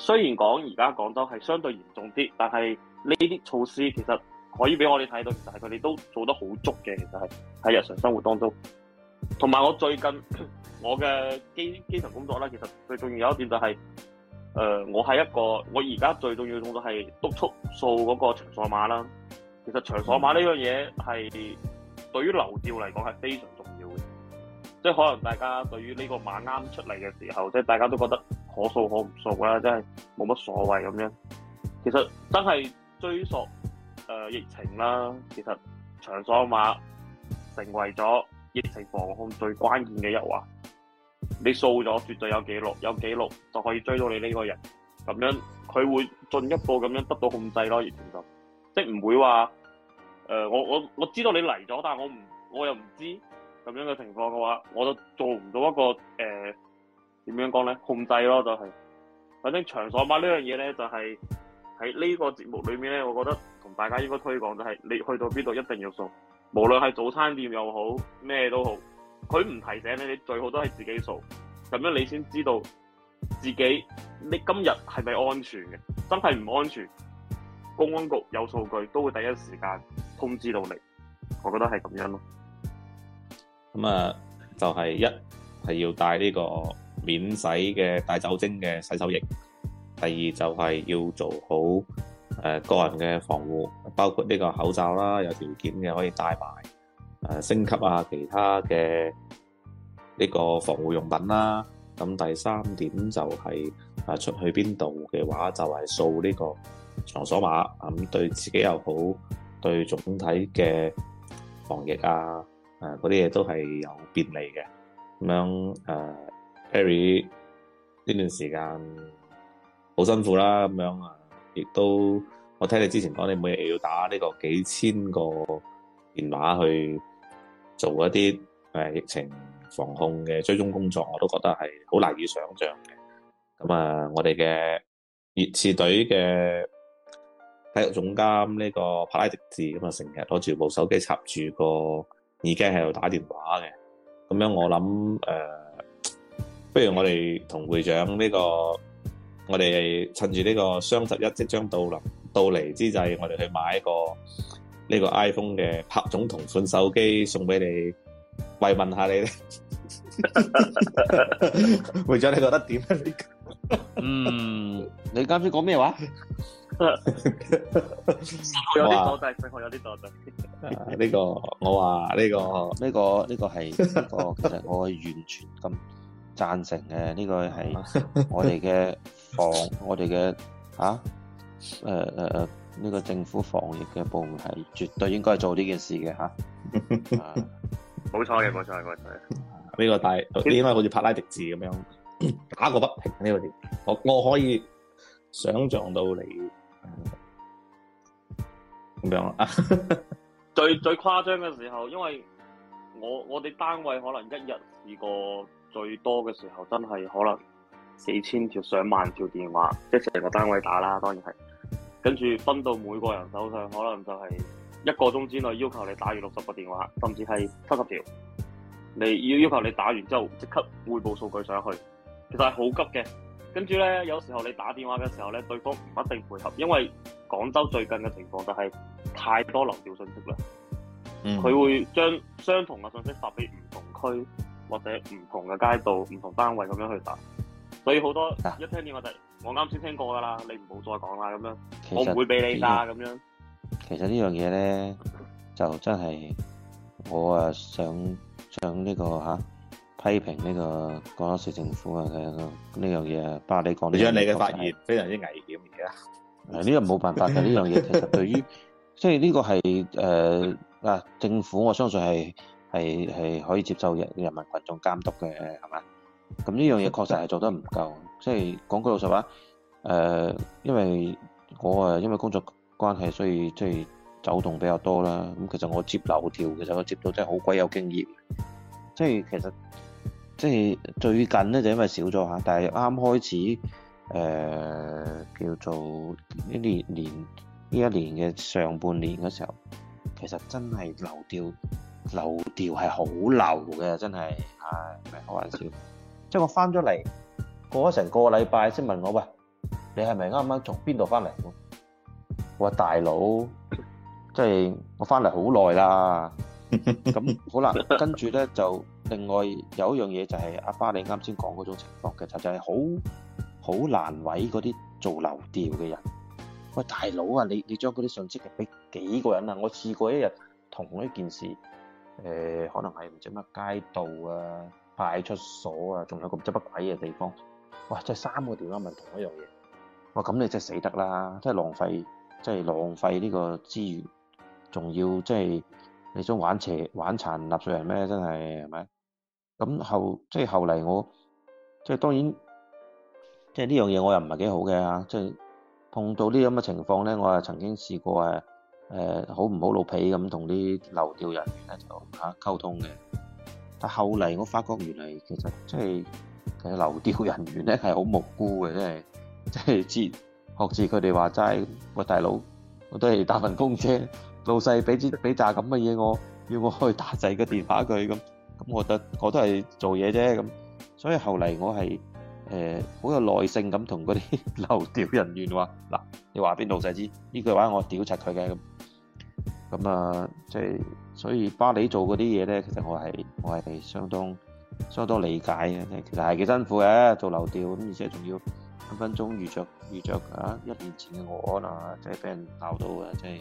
雖然講而家廣州係相對嚴重啲，但係呢啲措施其實可以俾我哋睇到，其實係佢哋都做得好足嘅。其實係喺日常生活當中，同埋我最近我嘅基基層工作啦，其實最重要有一點就係、是，誒、呃，我係一個我而家最重要嘅工作係督促掃嗰個場所碼啦。其實場所碼呢樣嘢係對於流調嚟講係非常重要嘅，即係可能大家對於呢個碼啱出嚟嘅時候，即係大家都覺得。可掃可唔掃啦，真係冇乜所謂咁樣。其實真係追溯誒、呃、疫情啦，其實場所碼成為咗疫情防控最關鍵嘅一環。你掃咗，絕對有記錄，有記錄就可以追到你呢個人咁樣，佢會進一步咁樣得到控制咯。疫情就即係唔會話誒、呃，我我我知道你嚟咗，但係我唔我又唔知咁樣嘅情況嘅話，我就做唔到一個誒。呃點樣講咧？控制咯，就係，反正場所碼呢樣嘢咧，就係喺呢個節目裏面咧。我覺得同大家應該推廣就係，你去到邊度一定要掃，無論係早餐店又好咩都好，佢唔提醒你，你最好都係自己掃，咁樣你先知道自己你今日係咪安全嘅，真係唔安全，公安局有數據都會第一時間通知到你，我覺得係咁樣咯。咁啊，就係一係要帶呢個。免洗嘅帶酒精嘅洗手液。第二就係要做好誒、呃、個人嘅防護，包括呢個口罩啦，有條件嘅可以帶埋誒升級啊，其他嘅呢個防護用品啦。咁第三點就係、係啊、出去邊度嘅話，就係、係、掃呢個場所碼，咁、啊、對自己又好，對總體嘅防疫啊，嗰啲嘢都係有便利嘅咁樣誒。呃 Barry 呢段時間好辛苦啦，咁樣啊，亦都我聽你之前講，你每日要打呢個幾千個電話去做一啲誒疫情防控嘅追蹤工作，我都覺得係好難以想象嘅。咁啊，我哋嘅熱刺隊嘅體育總監呢個帕拉迪治咁啊，成日攞住部手機插住個耳機喺度打電話嘅。咁樣我諗誒。呃不如我哋同會長呢個，我哋趁住呢個雙十一即將到臨到嚟之際，我哋去買一個呢個 iPhone 嘅拍總同款手機送俾你慰問下你。會長你覺得點呢？嗯，你啱先講咩話？有啲多滯，我有啲多滯，呢個我話呢個呢個呢個係個，其實我係完全咁。贊成嘅呢、這個係我哋嘅防， [laughs] 我哋嘅啊，誒誒誒呢個政府防疫嘅部門係絕對應該做呢件事嘅嚇。冇錯嘅，冇 [laughs] 錯，冇錯。呢、這個大，你應該好似帕拉迪字咁樣 [laughs] 打個不停呢、這個點？我我可以想像到你咁樣啊 [laughs] 。最最誇張嘅時候，因為我我哋單位可能一日試過。最多嘅時候真係可能幾千條、上萬條電話，即成個單位打啦，當然係。跟住分到每個人手上，可能就係一個鐘之內要求你打完六十個電話，甚至係七十條。你要要求你打完之後即刻匯報數據上去，其實係好急嘅。跟住呢，有時候你打電話嘅時候呢，對方唔一定配合，因為廣州最近嘅情況就係太多流調信息啦。佢會將相同嘅信息發俾唔同區。或者唔同嘅街道、唔同單位咁樣去打，所以好多一聽呢個就，我啱先聽過噶啦，你唔好再講啦咁樣，我唔會俾你啦咁樣。其實呢樣嘢咧，就真係我啊想想呢個嚇批評呢個廣州市政府啊嘅呢樣嘢啊，Barry 你講。你將你嘅發現非常之危險嘅嘢啊！誒呢個冇辦法嘅呢樣嘢，其實對於即係呢個係誒嗱政府，我相信係。係係可以接受人人民群眾監督嘅，係嘛？咁呢樣嘢確實係做得唔夠， [laughs] 即係講句老實話，誒、呃，因為我啊，因為工作關係，所以即係走動比較多啦。咁其實我接流調，其實我接到真係好鬼有經驗。即係其實即係最近咧，就因為少咗吓，但係啱開始誒、呃、叫做呢年年呢一年嘅上半年嘅時候，其實真係流調。流調係好流嘅，真係，唉，唔係開玩笑。即係我翻咗嚟，過咗成個禮拜先問我喂，你係咪啱啱從邊度翻嚟？我話大佬，即係我翻嚟好耐啦。咁好啦，跟住咧就另外有一樣嘢就係、是、阿爸，爸你啱先講嗰種情況嘅，就就係好好難為嗰啲做流調嘅人。喂，大佬啊，你你將嗰啲信息俾幾個人啊？我試過一日同一件事。誒、呃、可能係唔知乜街道啊、派出所啊，仲有個唔知乜鬼嘅地方，哇！即係三個地方問同一樣嘢，哇！咁你真係死得啦，即係浪費，即係浪費呢個資源，仲要即係你想玩邪玩殘納稅人咩？真係係咪？咁後即係後嚟我即係當然即係呢樣嘢我又唔係幾好嘅嚇，即係碰到呢咁嘅情況咧，我係曾經試過誒。誒好唔好老皮咁同啲流調人員咧就嚇溝通嘅，但後嚟我發覺原來其實即係流調人員咧係好無辜嘅，即係即係學似佢哋話齋，喂大佬我都係打份工啫，老細俾支俾紮咁嘅嘢，我要我去打滯個電話佢咁，咁我覺得我都係做嘢啫咁，所以後嚟我係好、呃、有耐性咁同嗰啲流調人員話嗱，你話俾老細知呢句話我屌柒佢嘅咁。咁啊，即係所以巴里做嗰啲嘢咧，其實我係我係相當相當理解嘅。其實係幾辛苦嘅，做流調咁，而且仲要分分鐘遇着遇着。啊！一年前嘅我，啊，可能真係俾人鬧到啊，真係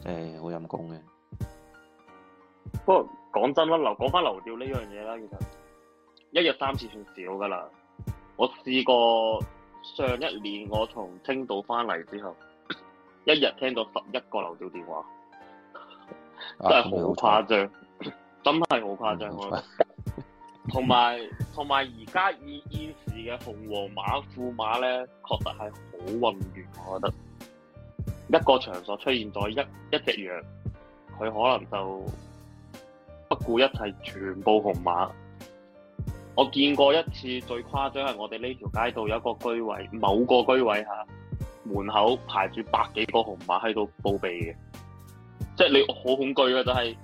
真係好陰功嘅。不過講真啦，流講翻流調呢樣嘢啦，其實一日三次算少噶啦。我試過上一年我從青島翻嚟之後，一日聽到十一個流調電話。真係好誇張，真係好誇張，同埋同埋，而家 [laughs] 現在以現時嘅紅黃馬富馬呢，確實係好混亂。我覺得一個場所出現咗一一隻羊，佢可能就不顧一切，全部紅馬。我見過一次最誇張係我哋呢條街道有一個居委，某個居委吓門口排住百幾個紅馬喺度報備嘅。即係你好恐懼啊！就係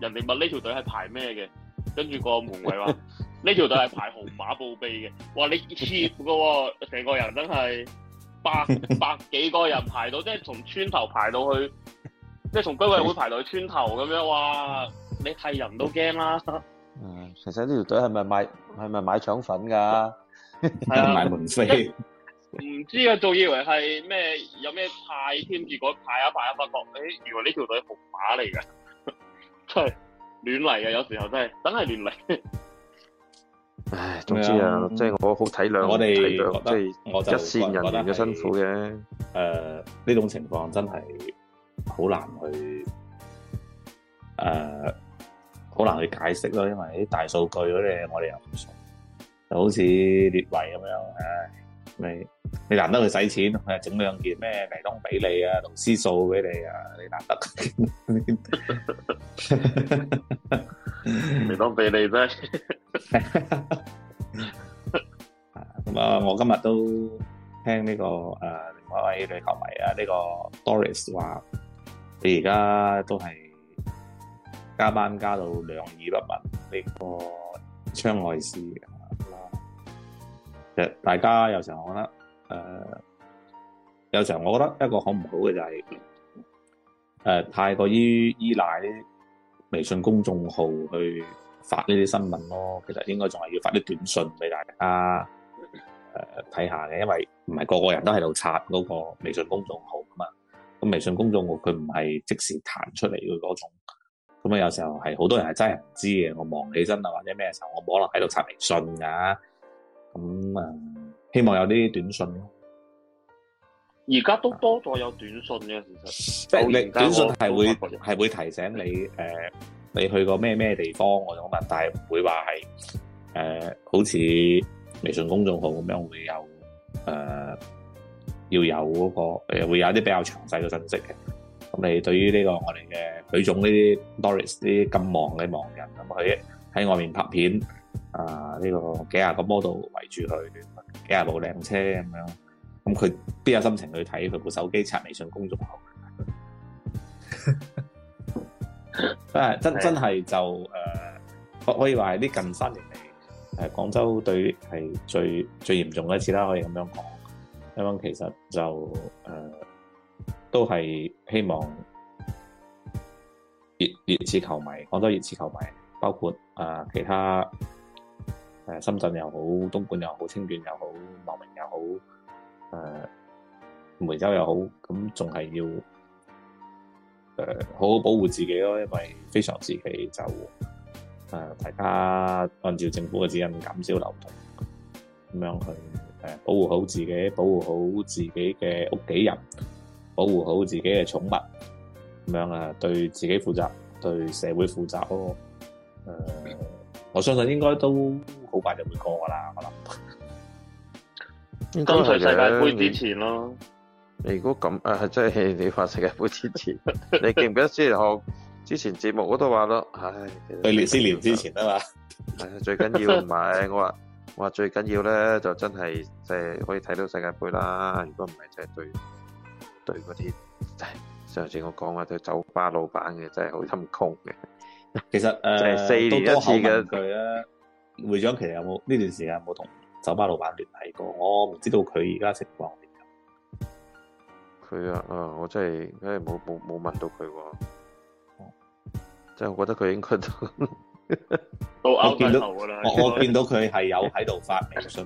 人哋問呢條隊係排咩嘅，跟住個門衛話呢條隊係排號碼報備嘅。哇，你黐噶，成個人真係百百幾個人排到，即係從村頭排到去，即係從居委會排到去村頭咁樣。哇，你係人都驚啦、嗯。其實呢條隊係咪買係咪買腸粉噶？係 [laughs] 啊，買門飛。 [laughs] 唔知啊，仲以為係咩有咩派添，結果派啊派啊，發覺誒，原來呢條隊係伏把嚟嘅，真係亂嚟嘅，有時候真係真係亂嚟。唉，總之啊，即係我好體諒我哋，即係、就係、一綫人員嘅辛苦嘅。誒，呢、呃、種情況真係好難去誒，好、呃、難去解釋咯，因為啲大數據嗰啲我哋又唔熟，就好似列位咁樣，唉。你你難得去使錢，整兩件咩尼龍比利啊、螺絲掃俾你啊，你難得。尼龍比利啫。咁啊，我今日都聽呢個誒，另外一位女球迷啊，呢個 Doris 話，你而家都係加班加到兩耳不聞，呢個窗外事。大家有時候我覺得，誒、呃、有時候我覺得一個可不好唔好嘅就係、是、誒、呃、太過於依賴微信公眾號去發呢啲新聞咯。其實應該仲係要發啲短信俾大家誒睇下嘅，因為唔係個個人都喺度刷嗰個微信公眾號噶嘛。咁微信公眾號佢唔係即時彈出嚟嘅嗰種，咁啊，有時候係好多人係真係唔知嘅。我忙起身啊，或者咩時候，我冇可能喺度刷微信噶。咁、嗯、啊，希望有啲短信咯。而家都多咗有短信嘅，其實即係你短信係會係會提醒你，誒，uh, 你去過咩咩地方嗰種問，但係唔會話係誒，uh, 好似微信公眾號咁樣會有誒，uh, 要有嗰、那個誒，會有啲比較詳細嘅信息嘅。咁你對於呢個我哋嘅許總呢，Doris 啲呢咁忙嘅忙人，咁佢喺外面拍片。啊！呢、這個幾廿個 model 圍住佢，幾廿部靚車咁樣，咁佢邊有心情去睇佢部手機？刷微信公眾號 [laughs] [laughs] [laughs] 真， [laughs] 真真真係就誒、uh,，可以話係啲近三年嚟，誒，廣州對係最最嚴重一次啦，可以咁樣講。咁樣其實就誒，uh, 都係希望熱熱刺球迷，廣州熱刺球迷，包括誒、uh, 其他。誒深圳又好，東莞又好，清遠又好，茂名又好，誒、呃、梅州又好，咁仲係要誒、呃、好好保護自己咯，因為非常時期就誒、呃、大家按照政府嘅指引減少流動，咁樣去誒、呃、保護好自己，保護好自己嘅屋企人，保護好自己嘅寵物，咁樣啊對自己負責，對社會負責咯。誒、呃，我相信應該都好快就會過噶啦，我諗。剛才世界杯之前咯。你你如果咁啊，即、就、係、是、你話世界杯之前， [laughs] 你記唔記得之前學？我之前節目我都話咯，唉，對年、去斯年之前啊嘛。係最緊要唔係 [laughs] 我話，我話最緊要咧，就真係即係可以睇到世界杯啦。如果唔係，就係對對嗰啲，上次我講話對酒吧老闆嘅真係好心空嘅。其實誒，四、呃就是、年一次嘅。會長，其實有冇呢段時間有冇同酒吧老闆聯繫過？我唔知道佢而家情況點。佢啊，誒，我真係真係冇冇冇問到佢喎。即係我覺得佢應該都我見到我我見到佢係有喺度發微信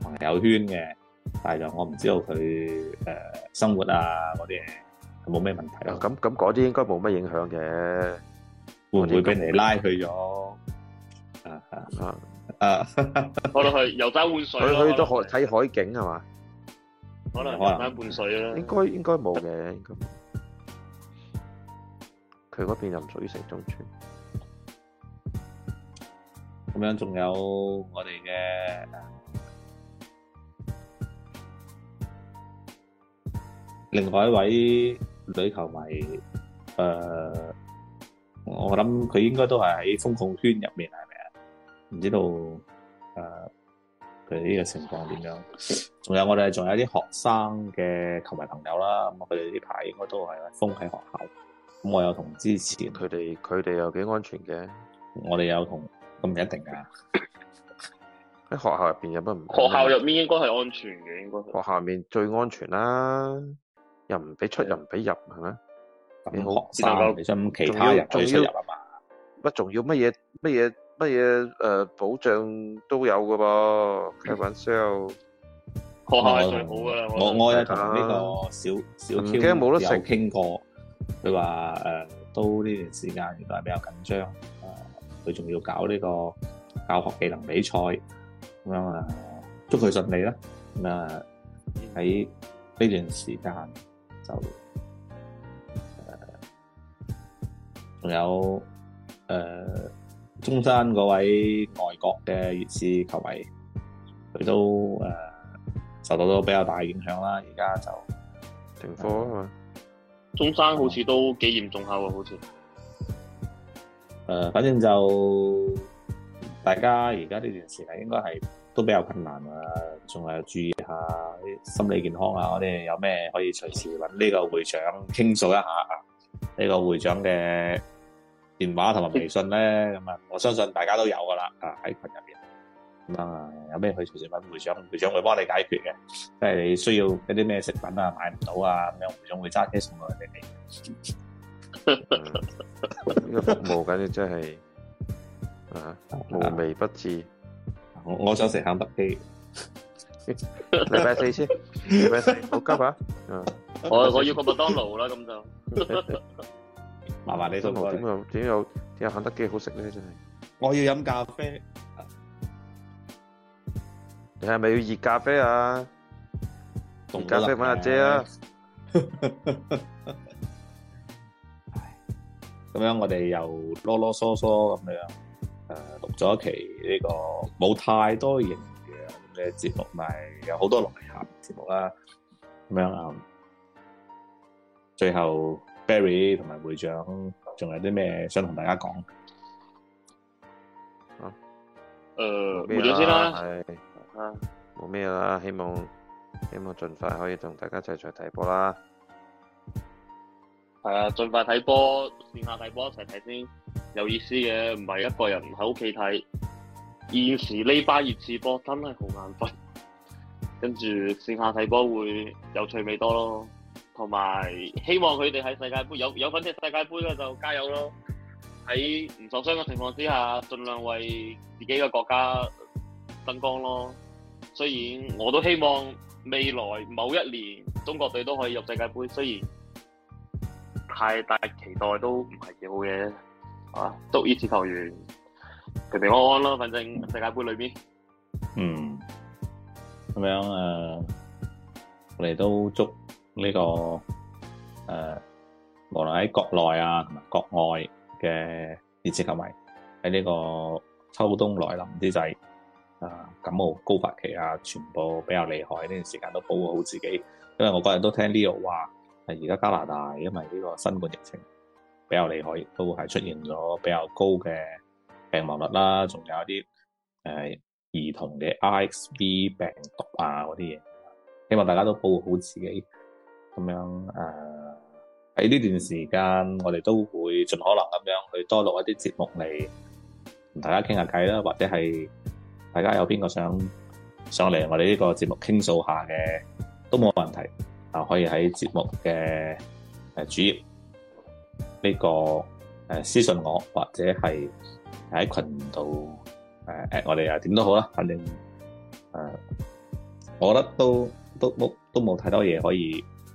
朋友圈嘅，但係就我唔知道佢誒生活啊嗰啲嘢冇咩問題咯。咁咁嗰啲應該冇乜影響嘅，會唔會俾你拉去咗？啊啊啊！啊，可能去遊山玩水咯。去去到海睇海景係嘛？可能遊山玩水啦。應該應該冇嘅，應該。佢嗰邊就唔屬於城中村。咁樣，仲有我哋嘅另外一位女球迷，誒，我諗佢應該都係喺風控圈入面啊。唔知道誒，佢哋呢個情況點樣？仲有我哋，仲有啲學生嘅球迷朋友啦。咁佢哋呢排應該都係封喺學校。咁我有同之前佢哋，佢哋又幾安全嘅。我哋有同，咁唔一定噶。喺學校入邊有乜唔安全？學校入面應該係安全嘅，應該。學校入面最安全啦，啊，又唔俾出，又唔俾入，係咪？咁學生其實其他人唔使入啊嘛？乜仲要乜嘢乜嘢？乜嘢誒保障都有嘅噃？產品學校係最好嘅啦、嗯，我我係同呢個小、啊、小 Q 有傾過。佢話誒都呢段時間原來係比較緊張，佢、呃、仲要搞呢個教學技能比賽咁樣啊、呃，祝佢順利啦。咁啊喺呢段時間就誒，仲、呃、有誒。呃中山嗰位外國嘅熱刺球迷，佢都誒、呃、受到咗比較大影響啦。而家就停課啊嘛。中山好似都幾嚴重下喎，好似。誒、呃，反正就大家而家呢段時間應該係都比較困難啊，仲係要注意一下啲心理健康啊。我哋有咩可以隨時揾呢個會長傾訴一下，呢、呢個會長嘅。電話同埋微信咧，咁啊，我相信大家都有噶啦，啊喺群入邊咁啊，有咩可以隨時問會長，會長會幫你解決嘅。即係你需要一啲咩食品啊，買唔到啊咁樣，會長會揸車送過嚟俾你。呢個服務簡直真係，啊，無微不至。我我想食肯德基，禮拜四先。禮拜四，今日啊，我我要個麥當勞啦，咁就。麻麻，你都點有點有點有肯德基好食呢？真係我要飲咖啡，你係咪要熱咖啡啊？凍咖啡翻阿姐啊！咁 [laughs] 樣我哋又囉囉嗦嗦咁樣，誒、呃，錄咗一期呢、這個冇太多營養嘅節目，咪有好多內涵節目啦。咁樣啊、嗯，最後。Barry 同埋會長仲有啲咩想同大家講？啊，會長先啦，嚇、啊，冇咩啦,啦，希望希望盡快可以同大家一齊再睇波啦。係啊，盡快睇波，線下睇波一齊睇先，有意思嘅，唔係一個人唔喺屋企睇。現時呢班熱刺波真係好眼瞓，跟住線下睇波會有趣味多咯。同埋希望佢哋喺世界杯有有份踢世界杯啦，就加油咯！喺唔受傷嘅情況之下，盡量為自己嘅國家爭光咯。雖然我都希望未來某一年中國隊都可以入世界杯，雖然太大期待都唔係幾好嘅，係祝呢次球員平平安安咯，反正世界杯裏邊，嗯，咁樣誒，呃，我哋都祝。呢、這個誒、呃，無論喺國內啊同埋國外嘅熱刺球迷，喺呢個秋冬來臨之際，就係感冒高發期啊，全部比較厲害呢段時間都保護好自己。因為我今日都聽 Leo 話，係而家加拿大因為呢個新冠疫情比較厲害，亦都係出現咗比較高嘅病亡率啦、啊，仲有一啲誒、呃、兒童嘅 i x b 病毒啊嗰啲嘢，希望大家都保護好自己。咁樣誒，喺、呃、呢段時間，我哋都會盡可能咁樣去多錄一啲節目嚟，同大家傾下偈啦。或者係大家有邊個想上嚟我哋呢個節目傾訴下嘅，都冇問題啊。可以喺節目嘅誒、呃、主頁呢、這個誒、呃、私信我，或者係喺群度誒、呃、我哋啊，點都好啦。反正誒，我覺得都都冇都冇太多嘢可以。